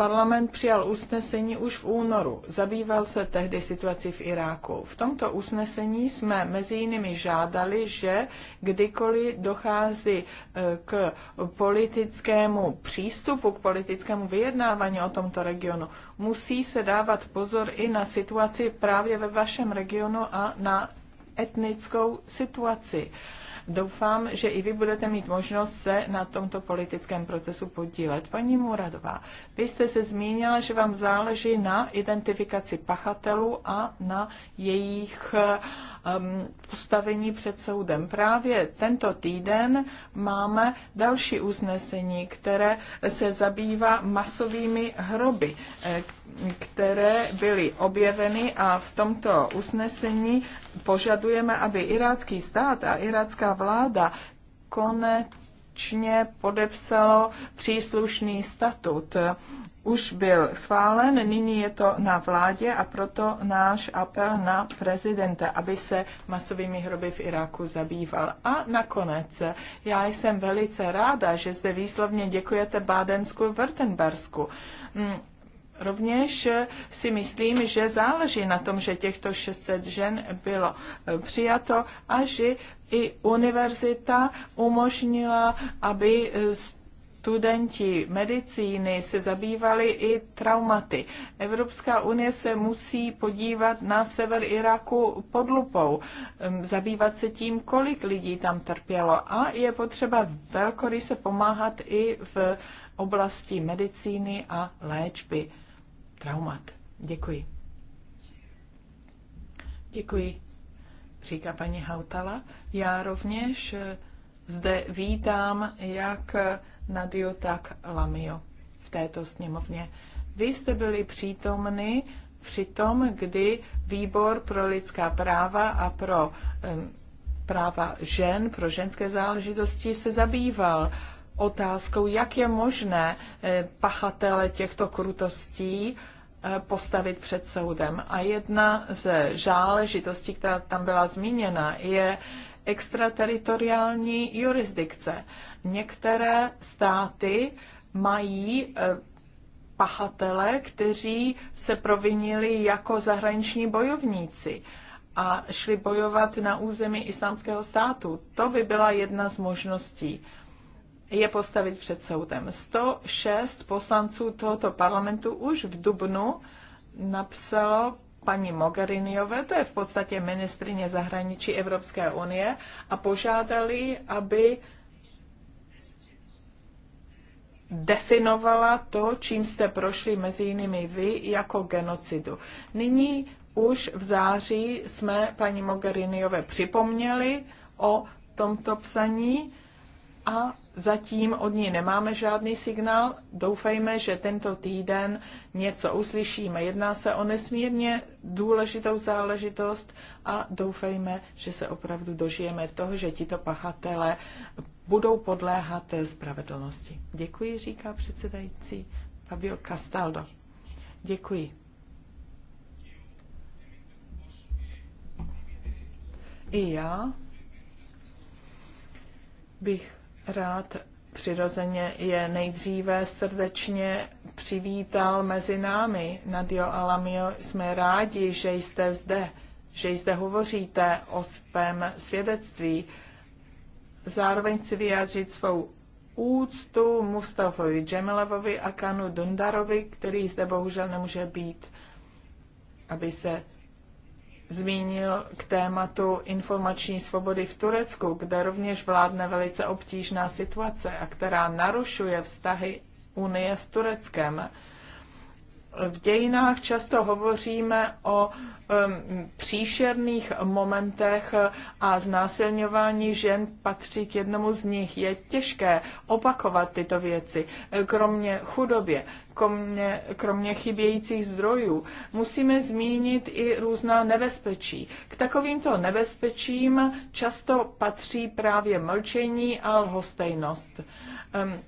Parlament přijal usnesení už v únoru. Zabýval se tehdy situací v Iráku. V tomto usnesení jsme mezi jinými žádali, že kdykoliv dochází e, k politickému přístupu, k politickému vyjednávání o tomto regionu, musí se dávat pozor i na situaci právě ve vašem regionu a na etnickou situaci. Uh, doufám, že i vy budete mít možnost se na tomto politickém procesu podílet. Paní Muradová, vy jste se zmínila, že vám záleží na identifikaci pachatelů a na jejich Um, postavení před soudem. Právě tento týden máme další uznesení, které se zabývá masovými hroby, eh, které byly objeveny a v tomto usnesení požadujeme, aby irácký stát a irácká vláda konec konečně podepsalo příslušný statut už byl schválen, nyní je to na vládě a proto náš apel na prezidenta, aby se masovými hroby v Iráku zabýval. A nakonec, já jsem velice ráda, že zde výslovně děkujete Bádensku Württembersku. Mm, rovněž si myslím, že záleží na tom, že těchto 600 žen bylo e, přijato a že i univerzita umožnila, aby z e, studenti medicíny se zabývali i traumaty. Evropská unie se musí podívat na sever Iraku pod lupou, zabývat se tím, kolik lidí tam trpělo. A je potřeba velkoryse pomáhat i v oblasti medicíny a léčby traumat. Děkuji. Děkuji, říká paní Hautala. Já rovněž eh, zde vítám, jak eh, Nadiu Tak Lamio v této sněmovně. Vy jste byli přítomny při tom, kdy výbor pro lidská práva a pro um, práva žen, pro ženské záležitosti se zabýval otázkou, jak je možné eh, pachatele těchto krutostí eh, postavit před soudem. A jedna ze záležitostí, která tam byla zmíněna, je extrateritoriální jurisdikce. Některé státy mají eh, pachatele, kteří se provinili jako zahraniční bojovníci a šli bojovat na území islámského státu. To by byla jedna z možností je postavit před soudem. 106 poslanců tohoto parlamentu už v Dubnu napsalo paní Mogheriniové, to je v podstatě ministrině zahraničí Evropské unie, a požádali, aby definovala to, čím jste prošli mezi jinými vy, jako genocidu. Nyní už v září jsme paní Mogheriniové připomněli o tomto psaní a zatím od ní nemáme žádný signál. Doufejme, že tento týden něco uslyšíme. Jedná se o nesmírně důležitou záležitost a doufejme, že se opravdu dožijeme toho, že tito pachatele budou podléhat spravedlnosti. Děkuji, říká předsedající Fabio Castaldo. Děkuji. I já bych rád přirozeně je nejdříve srdečně přivítal mezi námi. Nadio Alamio, jsme rádi, že jste zde, že zde hovoříte o svém svědectví. Zároveň chci vyjádřit svou úctu Mustafovi Džemelevovi a Kanu Dundarovi, který zde bohužel nemůže být, aby se zmínil k tématu informační svobody v Turecku, kde rovněž vládne velice obtížná situace a která narušuje vztahy Unie s Tureckem v dějinách často hovoříme o um, příšerných momentech a znásilňování žen patří k jednomu z nich. Je těžké opakovat tyto věci, kromě chudobě, kromě, kromě chybějících zdrojů. Musíme zmínit i různá nebezpečí. K takovýmto nebezpečím často patří právě mlčení a lhostejnost. Um,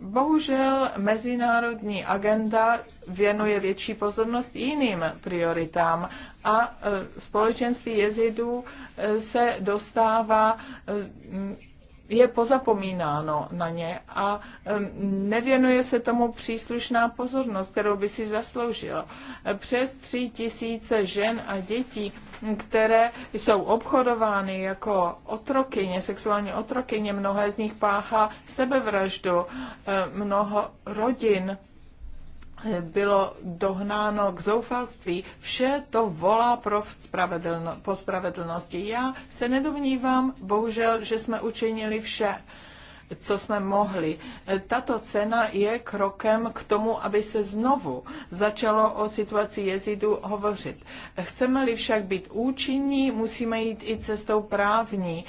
Bohužel mezinárodní agenda věnuje větší pozornost jiným prioritám a e, společenství jezidů e, se dostává e, je pozapomínáno na ně a nevěnuje se tomu příslušná pozornost, kterou by si zasloužilo. Přes tři tisíce žen a dětí které jsou obchodovány jako otrokyně, sexuální otrokyně, mnohé z nich páchá sebevraždu, eh, mnoho rodin eh, bylo dohnáno k zoufalství. Vše to volá pro spravedlno, po spravedlnosti. Já se nedomnívám, bohužel, že jsme učinili vše co jsme mohli. Tato cena je krokem k tomu, aby se znovu začalo o situaci jezidu hovořit. Chceme-li však být účinní, musíme jít i cestou právní.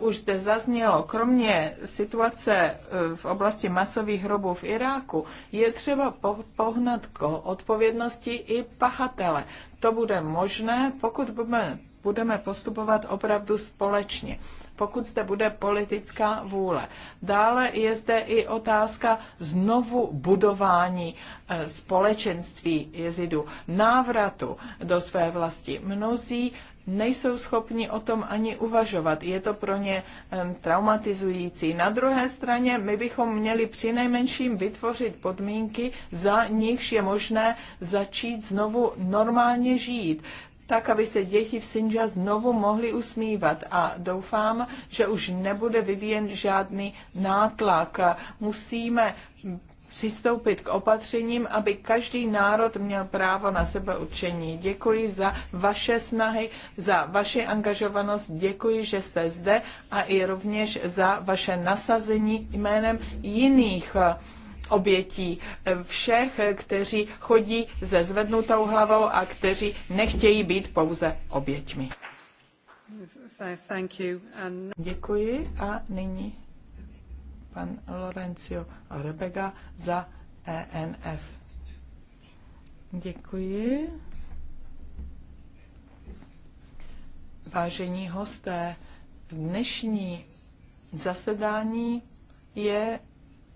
Už zde zaznělo, kromě situace e, v oblasti masových hrobů v Iráku, je třeba pohnat k odpovědnosti i pachatele. To bude možné, pokud budeme budeme postupovat opravdu společně, pokud zde bude politická vůle. Dále je zde i otázka znovu budování eh, společenství jezidu, návratu do své vlasti. Mnozí nejsou schopni o tom ani uvažovat. Je to pro ně um, traumatizující. Na druhé straně my bychom měli při nejmenším vytvořit podmínky, za nichž je možné začít znovu normálně žít tak, aby se děti v Sinja znovu mohly usmívat. A doufám, že už nebude vyvíjen žádný nátlak. Musíme přistoupit k opatřením, aby každý národ měl právo na učení. Děkuji za vaše snahy, za vaši angažovanost, děkuji, že jste zde a i rovněž za vaše nasazení jménem jiných obětí, všech, kteří chodí se zvednutou hlavou a kteří nechtějí být pouze oběťmi. And... Děkuji a nyní pan Lorenzo Rebega za ENF. Děkuji. Vážení hosté, dnešní zasedání je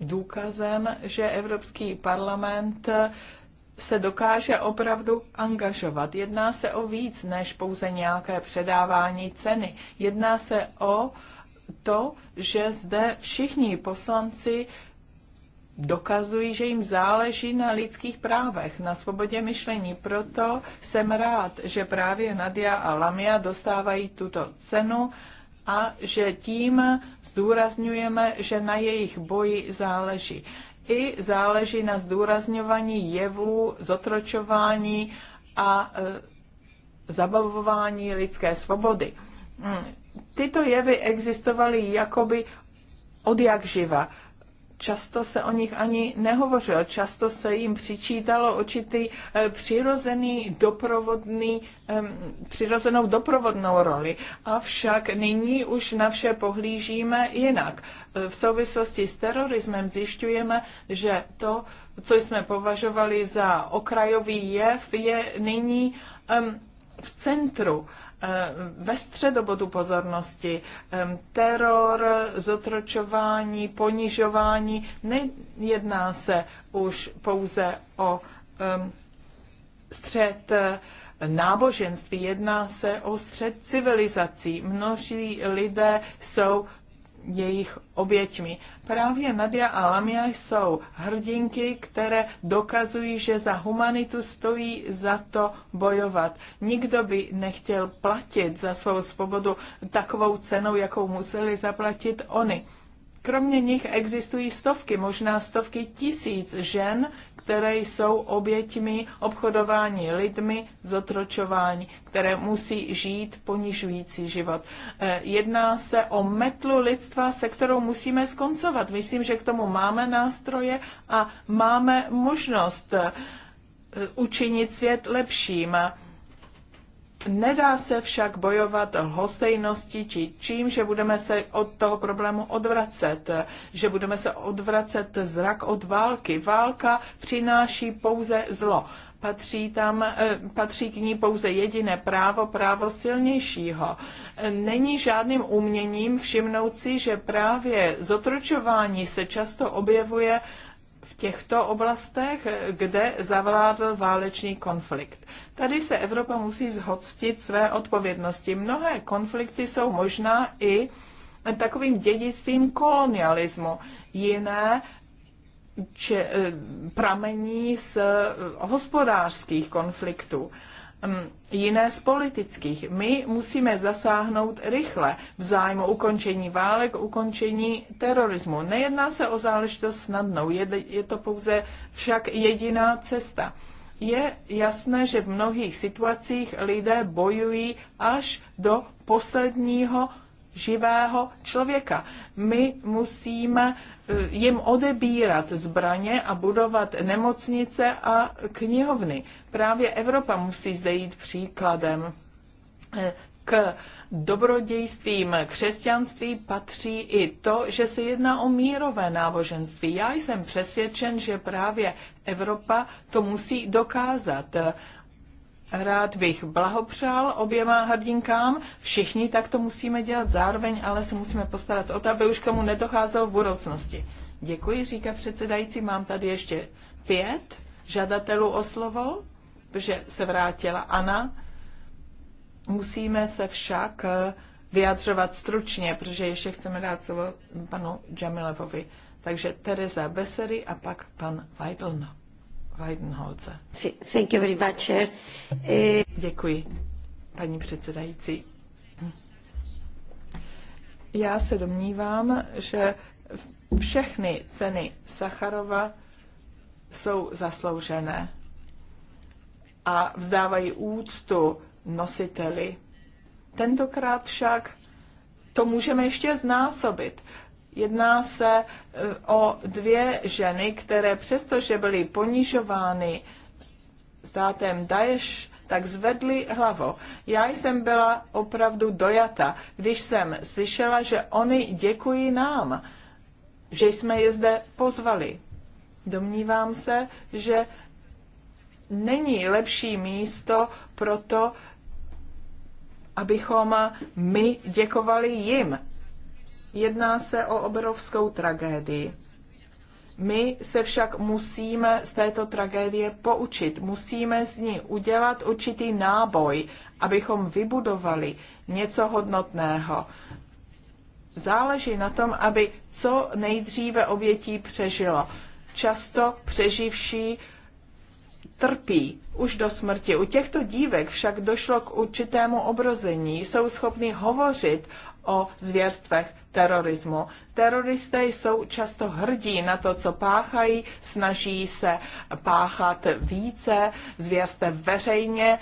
důkazem, že Evropský parlament se dokáže opravdu angažovat. Jedná se o víc než pouze nějaké předávání ceny. Jedná se o to, že zde všichni poslanci dokazují, že jim záleží na lidských právech, na svobodě myšlení. Proto jsem rád, že právě Nadia a Lamia dostávají tuto cenu a že tím zdůrazňujeme, že na jejich boji záleží. I záleží na zdůrazňování jevů, zotročování a e, zabavování lidské svobody. Hm, tyto jevy existovaly jakoby od jak živa. Často se o nich ani nehovořilo, často se jim přičítalo určitý eh, přirozený doprovodný, přirozenou doprovodnou roli. Avšak nyní už na vše pohlížíme jinak. Eh, v souvislosti s terorismem zjišťujeme, že to, co jsme považovali za okrajový jev, je nyní v centru, eh, ve středobodu pozornosti. Eh, teror, zotročování, ponižování, nejedná se už pouze o eh, střed náboženství, jedná se o střed civilizací. Množí lidé jsou jejich oběťmi. Právě Nadia a Lamia jsou hrdinky, které dokazují, že za humanitu stojí za to bojovat. Nikdo by nechtěl platit za svou svobodu takovou cenou, jakou museli zaplatit oni. Kromě nich existují stovky, možná stovky tisíc žen, které jsou oběťmi obchodování lidmi, zotročování, které musí žít ponižující život. Eh, jedná se o metlu lidstva, se kterou musíme skoncovat. Myslím, že k tomu máme nástroje a máme možnost eh, učinit svět lepším. Nedá se však bojovat lhostejností či čím, že budeme se od toho problému odvracet, že budeme se odvracet zrak od války. Válka přináší pouze zlo. Patří, tam, eh, patří k ní pouze jediné právo, právo silnějšího. Není žádným uměním všimnout si, že právě zotročování se často objevuje v těchto oblastech, kde zavládl válečný konflikt. Tady se Evropa musí zhostit své odpovědnosti. Mnohé konflikty jsou možná i takovým dědictvím kolonialismu. Jiné če, eh, pramení z eh, hospodářských konfliktů jiné z politických. My musíme zasáhnout rychle v zájmu ukončení válek, ukončení terorismu. Nejedná se o záležitost snadnou, je, je to pouze však jediná cesta. Je jasné, že v mnohých situacích lidé bojují až do posledního živého člověka. My musíme eh, jim odebírat zbraně a budovat nemocnice a knihovny. Právě Evropa musí zde jít příkladem. Eh, k dobrodějstvím křesťanství patří i to, že se jedná o mírové náboženství. Já jsem přesvědčen, že právě Evropa to musí dokázat. Rád bych blahopřál oběma hrdinkám. Všichni tak to musíme dělat zároveň, ale se musíme postarat o to, aby už k tomu nedocházelo v budoucnosti. Děkuji, říká předsedající. Mám tady ještě pět žadatelů o slovo, protože se vrátila Ana. Musíme se však eh, vyjadřovat stručně, protože ještě chceme dát slovo panu Jamilevovi. Takže Tereza Besery a pak pan Weidelnok. Eh, Děkuji, paní předsedající. Já se domnívám, že všechny ceny Sacharova jsou zasloužené a vzdávají úctu nositeli. Tentokrát však to můžeme ještě znásobit. Jedná se o dvě ženy, které přestože byly ponižovány státem Daesh, tak zvedli hlavu. Já jsem byla opravdu dojata, když jsem slyšela, že oni děkují nám, že jsme je zde pozvali. Domnívám se, že není lepší místo pro to, abychom my děkovali jim Jedná se o obrovskou tragédii. My se však musíme z této tragédie poučit, musíme z ní udělat určitý náboj, abychom vybudovali něco hodnotného. Záleží na tom, aby co nejdříve obětí přežilo. Často přeživší trpí už do smrti. U těchto dívek však došlo k určitému obrození. Jsou schopny hovořit o zvěrstvech, terorismu. Teroristé jsou často hrdí na to, co páchají, snaží se páchat více, zvěřte veřejně.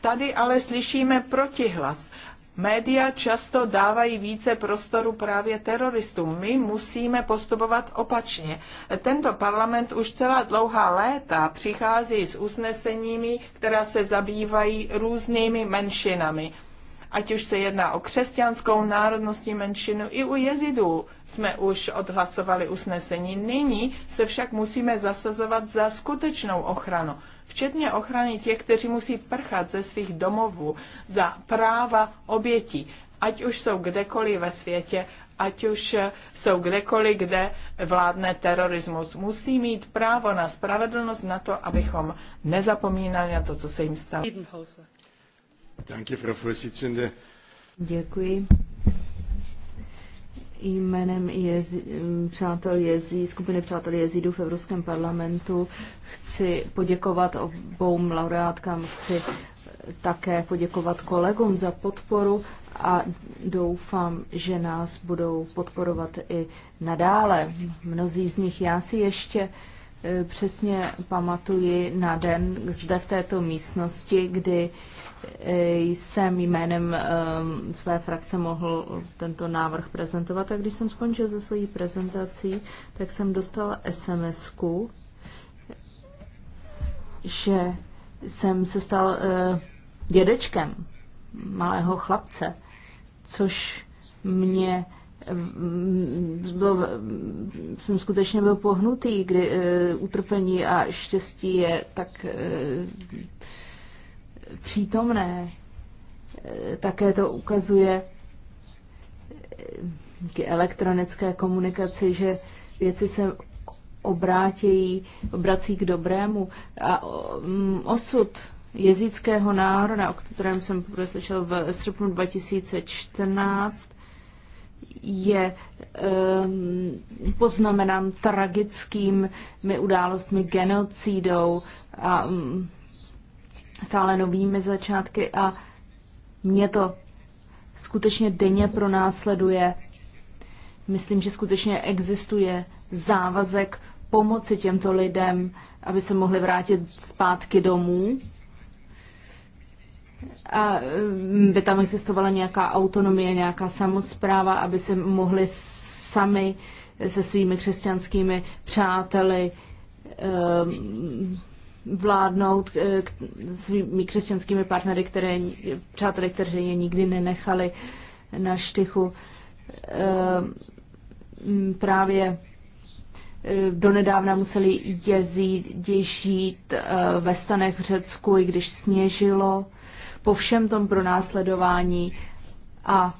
Tady ale slyšíme protihlas. Média často dávají více prostoru právě teroristům. My musíme postupovat opačně. Tento parlament už celá dlouhá léta přichází s usneseními, která se zabývají různými menšinami ať už se jedná o křesťanskou národnostní menšinu, i u jezidů jsme už odhlasovali usnesení. Nyní se však musíme zasazovat za skutečnou ochranu, včetně ochrany těch, kteří musí prchat ze svých domovů za práva obětí, ať už jsou kdekoliv ve světě, ať už jsou kdekoliv, kde vládne terorismus. Musí mít právo na spravedlnost na to, abychom nezapomínali na to, co se jim stalo. Děkuji. Jménem Jezi, přátel Jezí, skupiny přátel Jezídů v Evropském parlamentu chci poděkovat obou laureátkám, chci také poděkovat kolegům za podporu a doufám, že nás budou podporovat i nadále. Mnozí z nich já si ještě uh, E, přesně pamatuji na den zde v této místnosti, kdy e, jsem jménem e, své frakce mohl tento návrh prezentovat a když jsem skončil se svojí prezentací, tak jsem dostal sms že jsem se stal dědečkem malého chlapce, což mě byl, jsem skutečně byl pohnutý, kdy uh, utrpení a štěstí je tak uh, přítomné. Eh, také to ukazuje k elektronické komunikaci, že věci se obrátějí, obrací k dobrému. A mm, osud jezického národa, o kterém jsem poprvé slyšel v srpnu 2014, je ehm, poznamenán tragickými událostmi, genocídou a mm, stále novými začátky a mě to skutečně denně pronásleduje. Myslím, že skutečně existuje závazek pomoci těmto lidem, aby se mohli vrátit zpátky domů a mm, by tam existovala nějaká autonomie, nějaká samozpráva, aby se mohli sami se svými křesťanskými přáteli ehm, vládnout eh, svými křesťanskými partnery, které, přáteli, kteří je nikdy nenechali na štychu. Ehm, právě eh, donedávna museli jezídi žít eh, ve stanech v Řecku, i když sněžilo po všem tom pronásledování a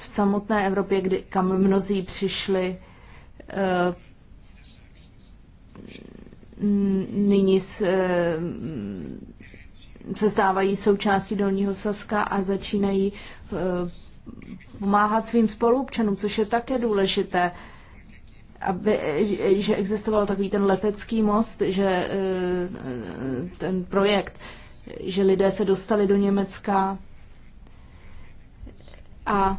v samotné Evropě, kdy, kam mnozí přišli, eh, nyní eh, se stávají součástí Dolního Saska a začínají eh, pomáhat svým spoluobčanům, což je také důležité, aby, že existoval takový ten letecký most, že ten projekt že lidé se dostali do Německa. A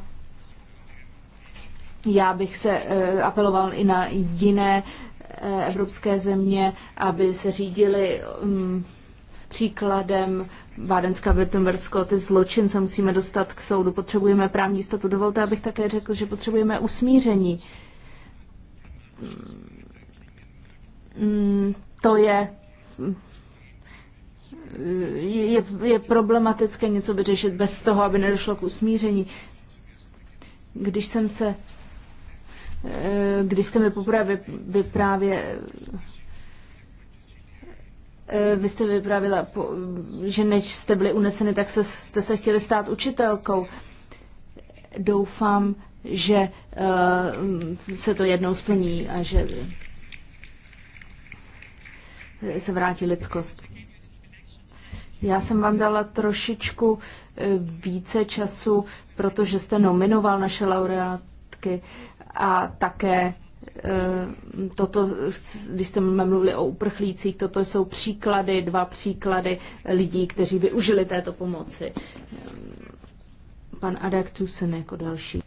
já bych se eh, apeloval i na jiné eh, evropské země, aby se řídili mm, příkladem Vádenská Württembersko, ty zločince musíme dostat k soudu, potřebujeme právní jistotu. Dovolte, abych také řekl, že potřebujeme usmíření. Mm, to je mm, je, je problematické něco vyřešit bez toho, aby nedošlo k usmíření. Když jsem se, eh, když jste mi poprvé vyprávě, eh, vy jste vyprávila, že než jste byli uneseny, tak se, jste se chtěli stát učitelkou. Doufám, že eh, se to jednou splní a že se vrátí lidskost. Já jsem vám dala trošičku e, více času, protože jste nominoval naše laureátky a také e, toto, když jste mluvili o uprchlících, toto jsou příklady, dva příklady lidí, kteří využili této pomoci. E, pan Adak Tusen jako další.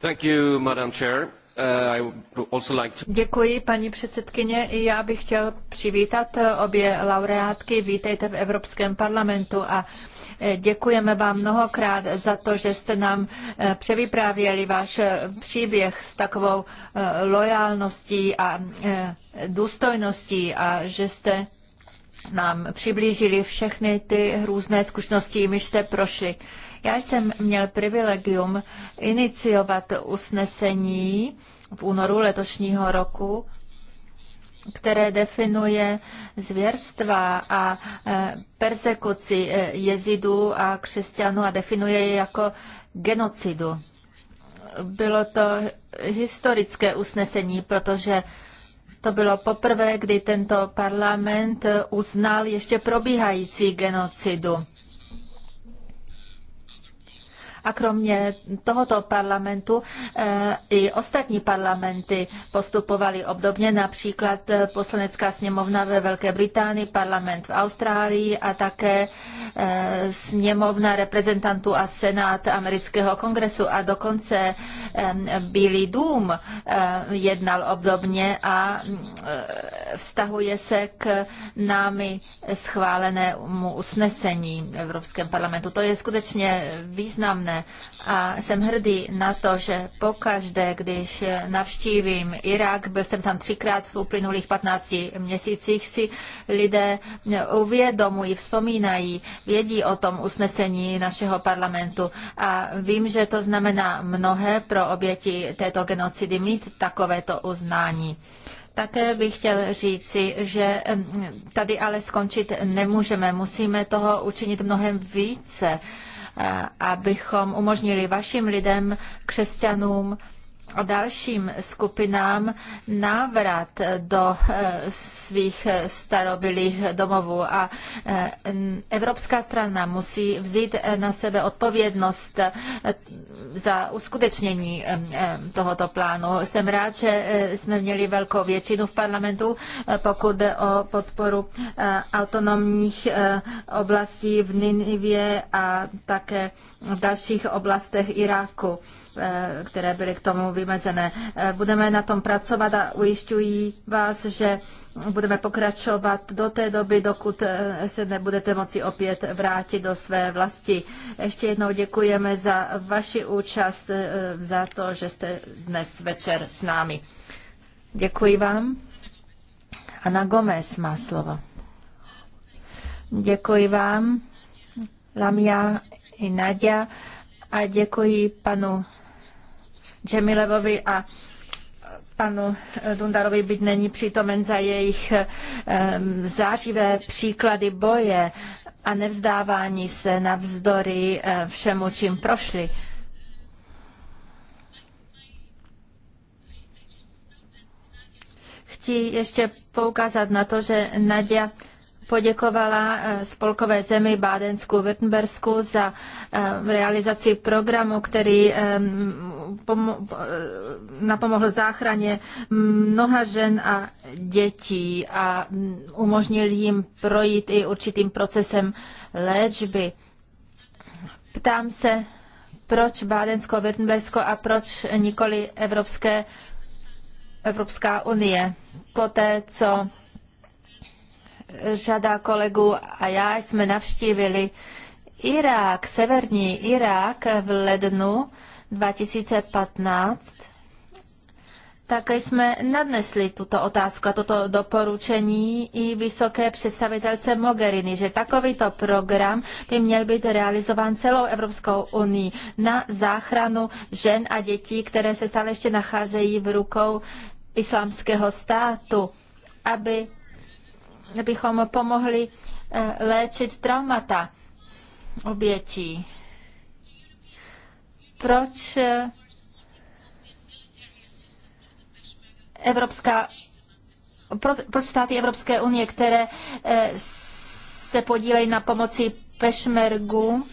Thank you, Madam Chair. Uh, Děkuji, paní předsedkyně. Já bych chtěl přivítat eh, obě laureátky. Vítejte v Evropském parlamentu a eh, děkujeme vám mnohokrát za to, že jste nám eh, převyprávěli váš příběh s takovou lojálností a důstojností a že jste nám přiblížili všechny ty různé zkušenosti, jimiž jste prošli. Já jsem měl privilegium iniciovat usnesení v únoru letošního roku, které definuje zvěrstva a e, persekuci e, jezidů a křesťanů a definuje je jako genocidu. Bylo to historické usnesení, protože to bylo poprvé, kdy tento parlament uznal ještě probíhající genocidu. A kromě tohoto parlamentu eh, i ostatní parlamenty postupovaly obdobně, například eh, poslanecká sněmovna ve Velké Británii, parlament v Austrálii a také eh, sněmovna reprezentantů a senát amerického kongresu a dokonce Bílý dům jednal obdobně a vztahuje se k námi schválenému usnesení v Evropském parlamentu. To je skutečně významné výborné a jsem hrdý na to, že pokaždé, když navštívím Irák, byl jsem tam třikrát v uplynulých 15 měsících, si lidé uvědomují, vzpomínají, vědí o tom usnesení našeho parlamentu a vím, že to znamená mnohé pro oběti této genocidy mít takovéto uznání. Také bych chtěl říci, že tady ale skončit nemůžeme. Musíme toho učinit mnohem více Eh, abychom umožnili vašim lidem, křesťanům, o dalším skupinám návrat do eh, svých starobylých domovů a eh, evropská strana musí vzít eh, na sebe odpovědnost za uskutečnění tohoto plánu. Jsem rád, že jsme měli velkou většinu v parlamentu, pokud jde o podporu autonomních oblastí v Ninivě a také v dalších oblastech Iráku Eh, které byly k tomu vymezené. Eh, budeme na tom pracovat a ujišťují vás, že budeme pokračovat do té doby, dokud eh, se nebudete moci opět vrátit do své vlasti. Ještě jednou děkujeme za vaši účast, za to, že jste dnes večer s námi. Děkuji vám. Ana Gomez má slovo. Děkuji vám, Lamia i Nadia, a děkuji panu Džemilevovi a panu Dundarovi byť není přítomen za jejich zářivé příklady boje a nevzdávání se navzdory eh, všemu, čím prošli. Chci ještě poukázat na to, že Nadia poděkovala eh, spolkové zemi Bádensku Württembersku za eh, realizaci programu, který Eh, napomohl záchraně mnoha žen a dětí a umožnil jim projít i určitým procesem léčby. Ptám se, proč Bádensko, Württembersko a proč nikoli Evropské, Evropská unie? Po té, co řada kolegů a já jsme navštívili Irák, severní Irák v lednu, 2015, také jsme nadnesli tuto otázku a toto doporučení i vysoké představitelce Mogherini, že takovýto program by měl být realizován celou Evropskou unii na záchranu žen a dětí, které se stále ještě nacházejí v rukou islámského státu, aby bychom pomohli eh, léčit traumata obětí proč Evropská, pro, proč státy Evropské unie, které eh, se podílejí na pomoci Pešmergu,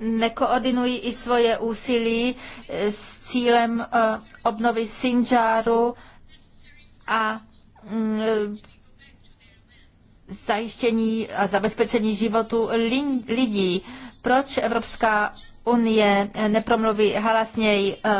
nekoordinují i svoje úsilí eh, s cílem eh, obnovy Sinjaru a mm, zajištění a zabezpečení životu lidí. Proč Evropská unie nepromluví hlasněji eh,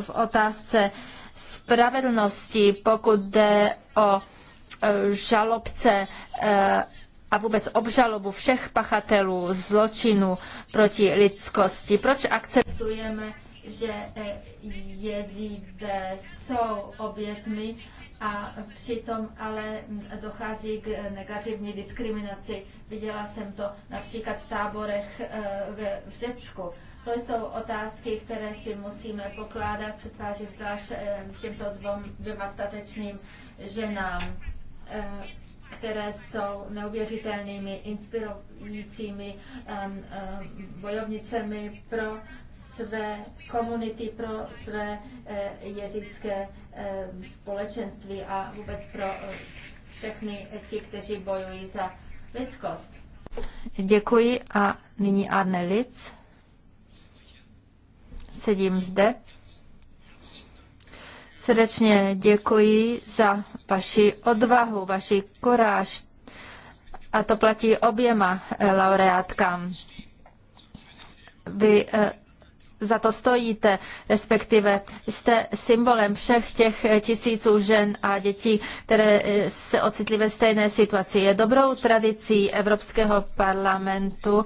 v otázce spravedlnosti, pokud jde o eh, žalobce eh, a vůbec obžalobu všech pachatelů zločinu proti lidskosti. Proč akceptujeme, že jezíde jsou obětmi a přitom ale dochází k negativní diskriminaci. Viděla jsem to například v táborech v Řecku. To jsou otázky, které si musíme pokládat tváří v tvář eh, těmto dvěma statečným ženám, eh, které jsou neuvěřitelnými, inspirujícími bojovnicemi pro své komunity, pro své eh, jezické společenství a vůbec pro všechny ti, kteří bojují za lidskost. Děkuji a nyní Arne Litz sedím zde. Srdečně děkuji za vaši odvahu, vaši koráž. A to platí oběma eh, laureátkám. Vy eh, za to stojíte, respektive jste symbolem všech těch eh, tisíců žen a dětí, které se ocitly ve stejné situaci. Je dobrou tradicí Evropského parlamentu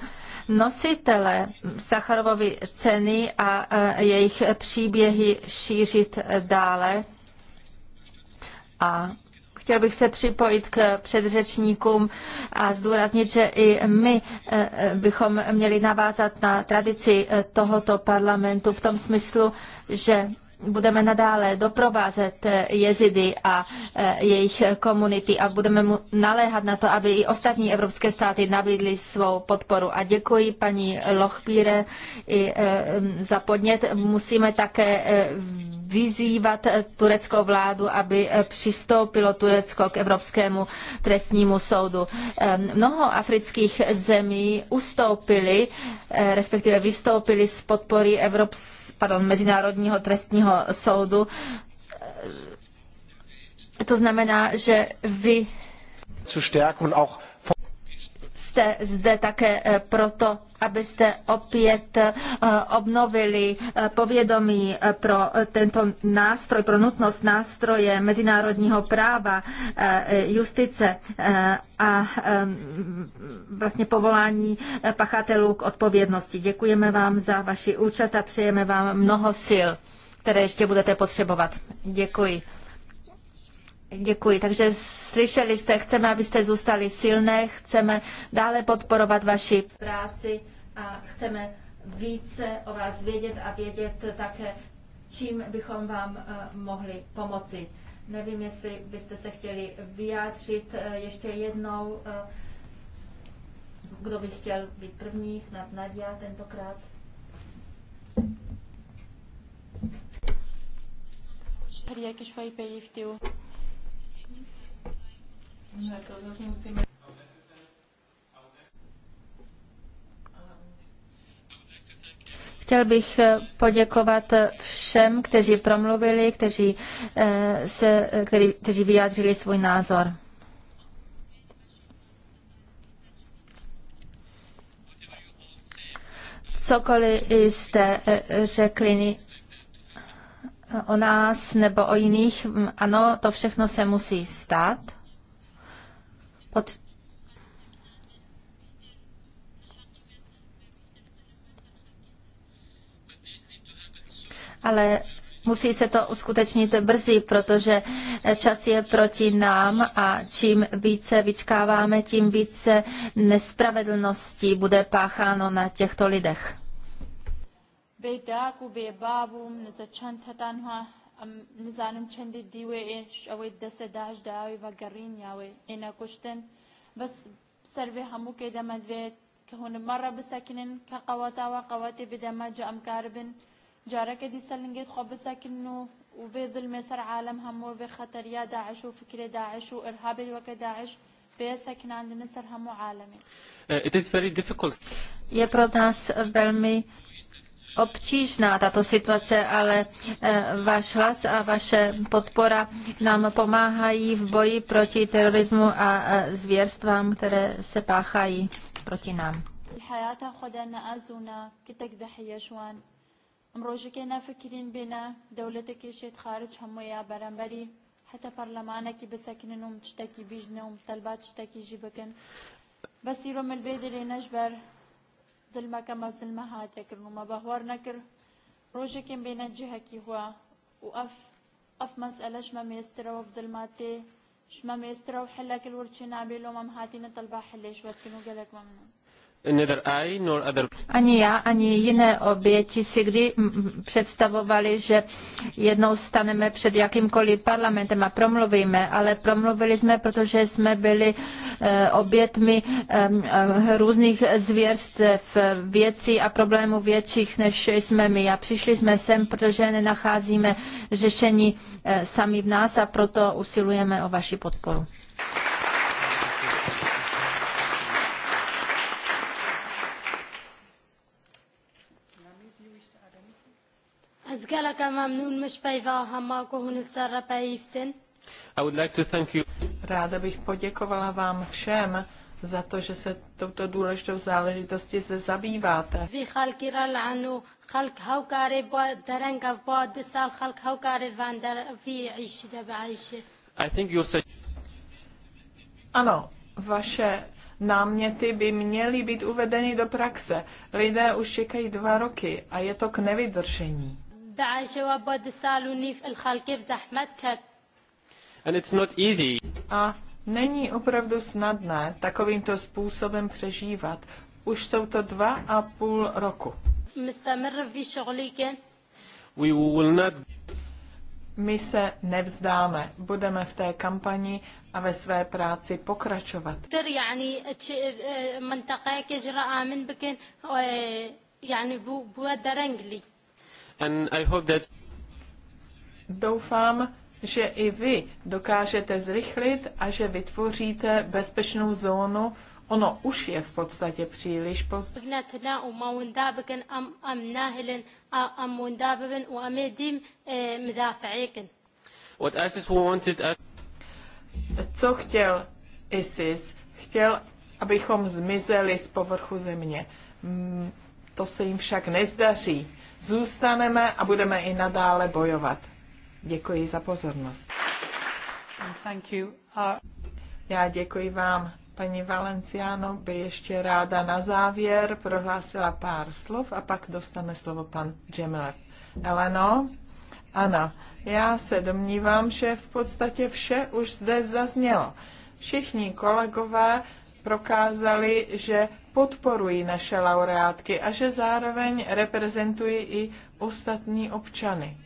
nositele Sacharovovy ceny a e, jejich příběhy šířit dále. A chtěl bych se připojit k předřečníkům a zdůraznit, že i my e, e, bychom měli navázat na tradici tohoto parlamentu v tom smyslu, že budeme nadále doprovázet jezidy a e, jejich komunity a budeme mu naléhat na to, aby i ostatní evropské státy nabídly svou podporu. A děkuji paní Lochpíre i e, za podnět. Musíme také e, vyzývat tureckou vládu, aby přistoupilo Turecko k Evropskému trestnímu soudu. Mnoho afrických zemí ustoupili, respektive vystoupili z podpory Evropské pardon, Mezinárodního trestního soudu. To znamená, že vy zu stärken auch Jste zde také eh, proto, abyste opět eh, obnovili eh, povědomí pro tento nástroj, pro nutnost nástroje mezinárodního práva, justice a vlastně povolání pachatelů k odpovědnosti. Děkujeme vám za vaši účast a přejeme vám mnoho sil, které ještě budete potřebovat. Děkuji. Děkuji. Takže slyšeli jste, chceme, abyste zůstali silné, chceme dále podporovat vaši práci a chceme více o vás vědět a vědět také, čím bychom vám eh, mohli pomoci. Nevím, jestli byste se chtěli vyjádřit eh, ještě jednou. Eh, kdo by chtěl být první, snad Nadia tentokrát. Hrijekiš vajpeji v Chtěl bych eh, poděkovat eh, všem, kteří promluvili, kteří, eh, se, který, kteří vyjádřili svůj názor. Cokoliv jste řekli o nás nebo o jiných, ano, to všechno se musí stát. Pod... Ale musí se to uskutečnit brzy, protože čas je proti nám a čím více vyčkáváme, tím více nespravedlností bude pácháno na těchto lidech. نزانم چەندی دیوه ایش اوی دست داش داوی و گرین یاوی اینا کشتن بە گەڕین یاوێ ئێنە کوشتن بەس سەرێ هەموو کێ دەمەدوێت کە هونمەڕە بسەکنن کە قەوەتاوە قەوەتی بدەمە جە ئەمکار بن که دی سلنگید خواب بسەکن و به ظلم سر عالم همو هەموو خطر یا داعش و فکر داعش و و که داعش دن سر همو عالمی It is very difficult. Je pro nás velmi obtížná tato situace, ale váš hlas a vaše podpora nám pomáhají v boji proti terorismu a zvěrstvám, které se páchají proti nám. ام روجكي نافكرين بنا دولتك شيت خارج همو يا برنبري حتى برلمانك بسكنن ومتشتكي بيجنا ومطلبات تشتكي جيبكن بس يروم البيد اللي نجبر دلما کەمە زلمە هاتێ کردنمە بەهوار نەکرد ڕۆژێکم بینە جهەکی هوا و ئەف ئەف مەسئلە شمە مێسترەوە دلما تێ شمە مێسترە و حلەکرد ورچی نابێ لۆمەم هاتینە تەلبا حلێش وەتکن و گەلەک مەمنون ani já, ani jiné oběti si kdy představovali, že jednou staneme před jakýmkoliv parlamentem a promluvíme, ale promluvili jsme, protože jsme byli eh, obětmi eh, různých zvěrstev, věcí a problémů větších, než jsme my. A přišli jsme sem, protože nenacházíme řešení eh, sami v nás a proto usilujeme o vaši podporu. Ráda bych poděkovala vám všem za to, že se touto důležitou záležitostí se zabýváte. Ano, vaše náměty by měly být uvedeny do praxe. Lidé už čekají dva roky a je to k nevydržení. الخال And it's not easy. A není opravdu snadné takovýmto způsobem přežívat. Už jsou to dva a půl roku. مستمر في شغلك. We will not... My se nevzdáme, budeme v té kampani a ve své práci pokračovat. يعني and I hope that Doufám, že i vy dokážete zrychlit a že vytvoříte bezpečnou zónu. Ono už je v podstatě příliš pozdě. Uh, Co chtěl ISIS? Chtěl, abychom zmizeli z povrchu země. Hmm, to se jim však nezdaří zůstaneme a budeme i nadále bojovat. Děkuji za pozornost. Thank you. Uh, já děkuji vám. Paní Valenciano by ještě ráda na závěr prohlásila pár slov a pak dostane slovo pan Džemler. Eleno? Ano, já se domnívám, že v podstatě vše už zde zaznělo. Všichni kolegové prokázali, že podporují naše laureátky a že zároveň reprezentují i ostatní občany.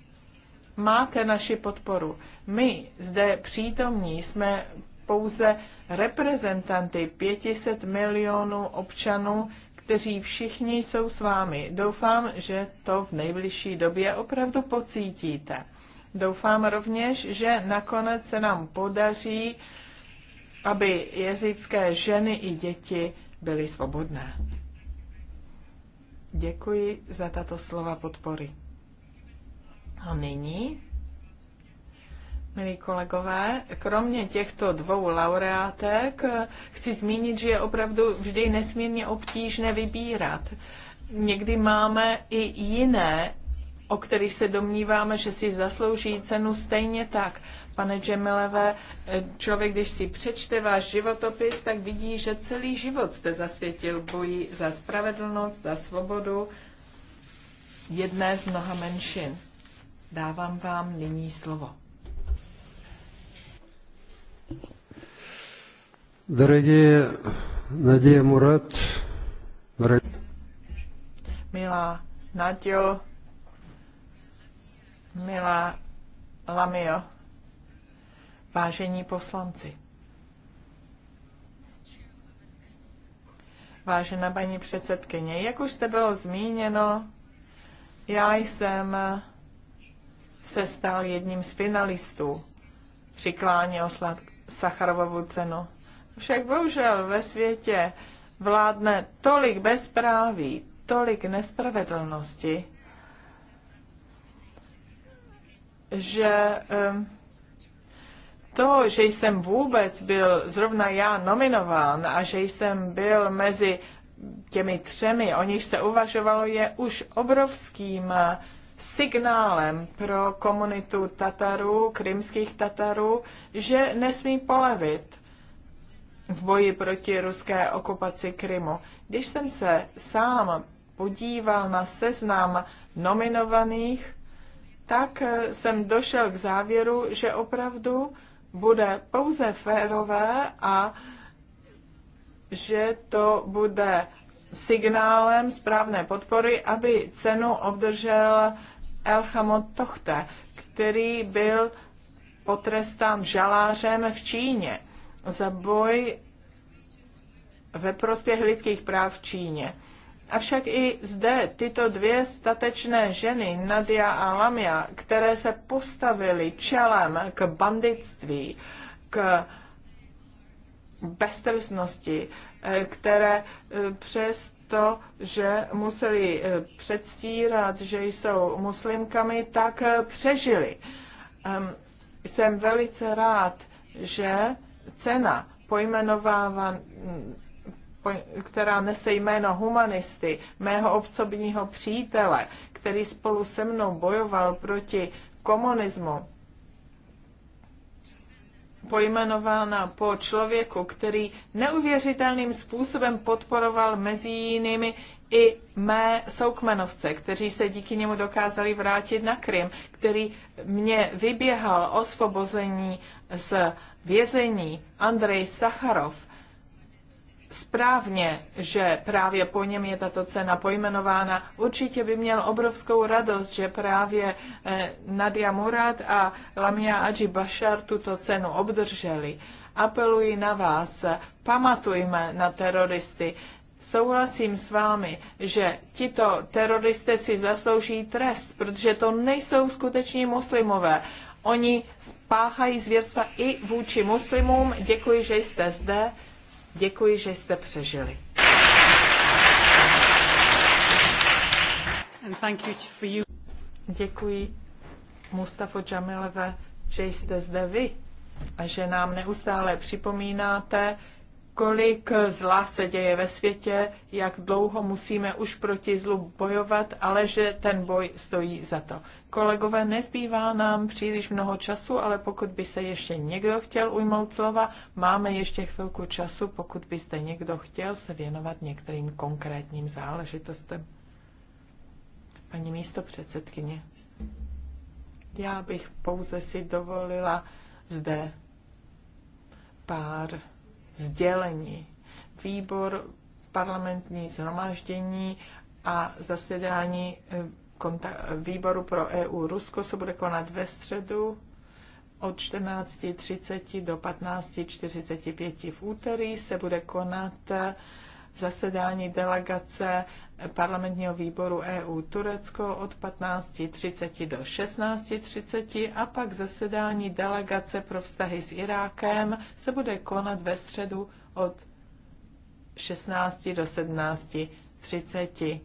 Máte naši podporu. My zde přítomní jsme pouze reprezentanty 500 milionů občanů, kteří všichni jsou s vámi. Doufám, že to v nejbližší době opravdu pocítíte. Doufám rovněž, že nakonec se nám podaří, aby jezické ženy i děti byly svobodné. Děkuji za tato slova podpory. A nyní, milí kolegové, kromě těchto dvou laureátek chci zmínit, že je opravdu vždy nesmírně obtížné vybírat. Někdy máme i jiné, o kterých se domníváme, že si zaslouží cenu stejně tak pane Džemileve, člověk, když si přečte váš životopis, tak vidí, že celý život jste zasvětil boji za spravedlnost, za svobodu jedné z mnoha menšin. Dávám vám nyní slovo. Дорогие Nadia Murat. дорогие... Milá Naďo, milá Lamio, vážení poslanci. Vážená paní předsedkyně, jak už jste bylo zmíněno, já jsem se stal jedním z finalistů kláně oslat Sacharovovu cenu. Však bohužel ve světě vládne tolik bezpráví, tolik nespravedlnosti, že um, to, že jsem vůbec byl zrovna já nominován a že jsem byl mezi těmi třemi, o nich se uvažovalo, je už obrovským signálem pro komunitu Tatarů, krymských Tatarů, že nesmí polevit v boji proti ruské okupaci Krymu. Když jsem se sám podíval na seznam nominovaných, tak jsem došel k závěru, že opravdu bude pouze férové a že to bude signálem správné podpory, aby cenu obdržel Elchamot Tochte, který byl potrestán žalářem v Číně za boj ve prospěch lidských práv v Číně. Avšak i zde tyto dvě statečné ženy, Nadia a Lamia, které se postavily čelem k banditství, k beztrestnosti, eh, které eh, přes to, že museli eh, předstírat, že jsou muslimkami, tak přežili. Ehm, jsem velice rád, že cena pojmenovává která nese jméno humanisty, mého obsobního přítele, který spolu se mnou bojoval proti komunismu, pojmenována po člověku, který neuvěřitelným způsobem podporoval mezi jinými i mé soukmenovce, kteří se díky němu dokázali vrátit na Krym, který mě vyběhal osvobození z vězení Andrej Sacharov, správně, že právě po něm je tato cena pojmenována. Určitě by měl obrovskou radost, že právě eh, Nadia Murad a Lamia Aji Bashar tuto cenu obdrželi. Apeluji na vás, pamatujme na teroristy. Souhlasím s vámi, že tito teroristé si zaslouží trest, protože to nejsou skuteční muslimové. Oni spáchají zvěrstva i vůči muslimům. Děkuji, že jste zde. Děkuji, že jste přežili. Děkuji Mustafa Džamileve, že jste zde vy a že nám neustále připomínáte, kolik zla se děje ve světě, jak dlouho musíme už proti zlu bojovat, ale že ten boj stojí za to. Kolegové, nezbývá nám příliš mnoho času, ale pokud by se ještě někdo chtěl ujmout slova, máme ještě chvilku času, pokud byste někdo chtěl se věnovat některým konkrétním záležitostem. Paní místo předsedkyně, já bych pouze si dovolila zde pár sdělení. Výbor parlamentní zhromáždění a zasedání eh, výboru pro EU Rusko se bude konat ve středu od 14.30 do 15.45 v úterý se bude konat eh, zasedání delegace parlamentního výboru EU Turecko od 15.30 do 16.30 a pak zasedání delegace pro vztahy s Irákem se bude konat ve středu od 16 do 17.30.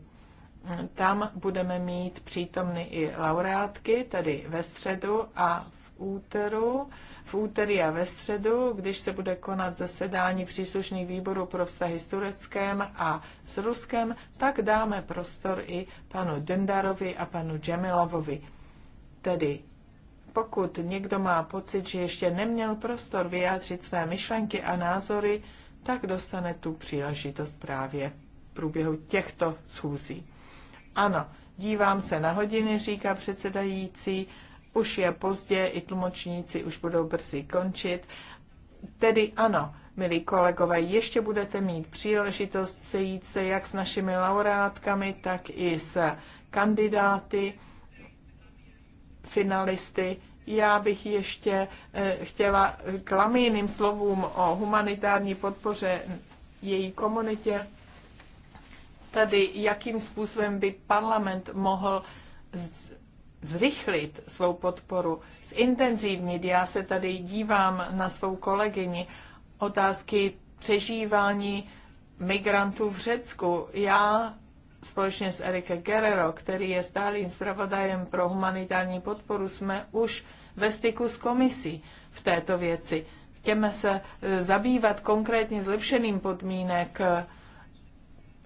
Tam budeme mít přítomny i laureátky, tedy ve středu a v úteru v úterý a ve středu, když se bude konat zasedání příslušných výborů pro vztahy s Tureckem a s Ruskem, tak dáme prostor i panu Dendarovi a panu Džemilovovi. Tedy pokud někdo má pocit, že ještě neměl prostor vyjádřit své myšlenky a názory, tak dostane tu příležitost právě v průběhu těchto schůzí. Ano, dívám se na hodiny, říká předsedající, už je pozdě, i tlumočníci už budou brzy končit. Tedy ano, milí kolegové, ještě budete mít příležitost sejít se jak s našimi laureátkami, tak i s kandidáty, finalisty. Já bych ještě eh, chtěla k lamíným slovům o humanitární podpoře její komunitě tady, jakým způsobem by parlament mohl zrychlit svou podporu, zintenzívnit. Já se tady dívám na svou kolegyni. Otázky přežívání migrantů v Řecku. Já společně s Erika Guerrero, který je stálým zpravodajem pro humanitární podporu, jsme už ve styku s komisí v této věci. Chtěme se e, zabývat konkrétně zlepšeným podmínek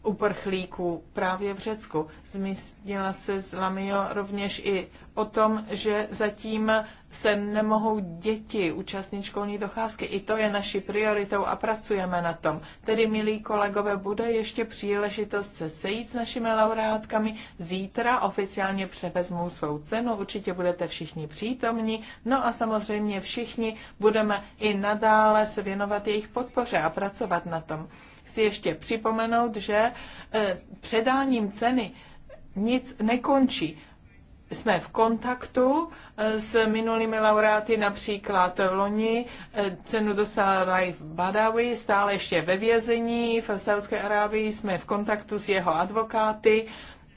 uprchlíků právě v Řecku. Zmínila se z Lamio rovněž i o tom, že zatím se nemohou děti účastnit školní docházky. I to je naší prioritou a pracujeme na tom. Tedy, milí kolegové, bude ještě příležitost se sejít s našimi laureátkami. Zítra oficiálně převezmou svou cenu, určitě budete všichni přítomní. No a samozřejmě všichni budeme i nadále se věnovat jejich podpoře a pracovat na tom chci ještě připomenout, že eh, předáním ceny nic nekončí. Jsme v kontaktu eh, s minulými laureáty, například v loni eh, cenu dostal Raif Badawi, stále ještě ve vězení v Saudské Arábii, jsme v kontaktu s jeho advokáty,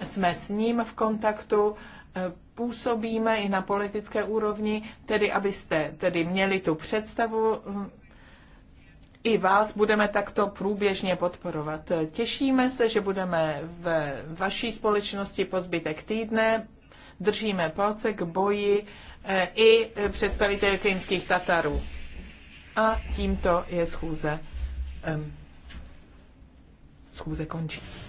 jsme s ním v kontaktu, působíme i na politické úrovni, tedy abyste tedy měli tu představu, hm, i vás budeme takto průběžně podporovat. Těšíme se, že budeme v vaší společnosti po zbytek týdne. Držíme palce k boji e, i představitel krymských Tatarů. A tímto je schůze. Schůze končí.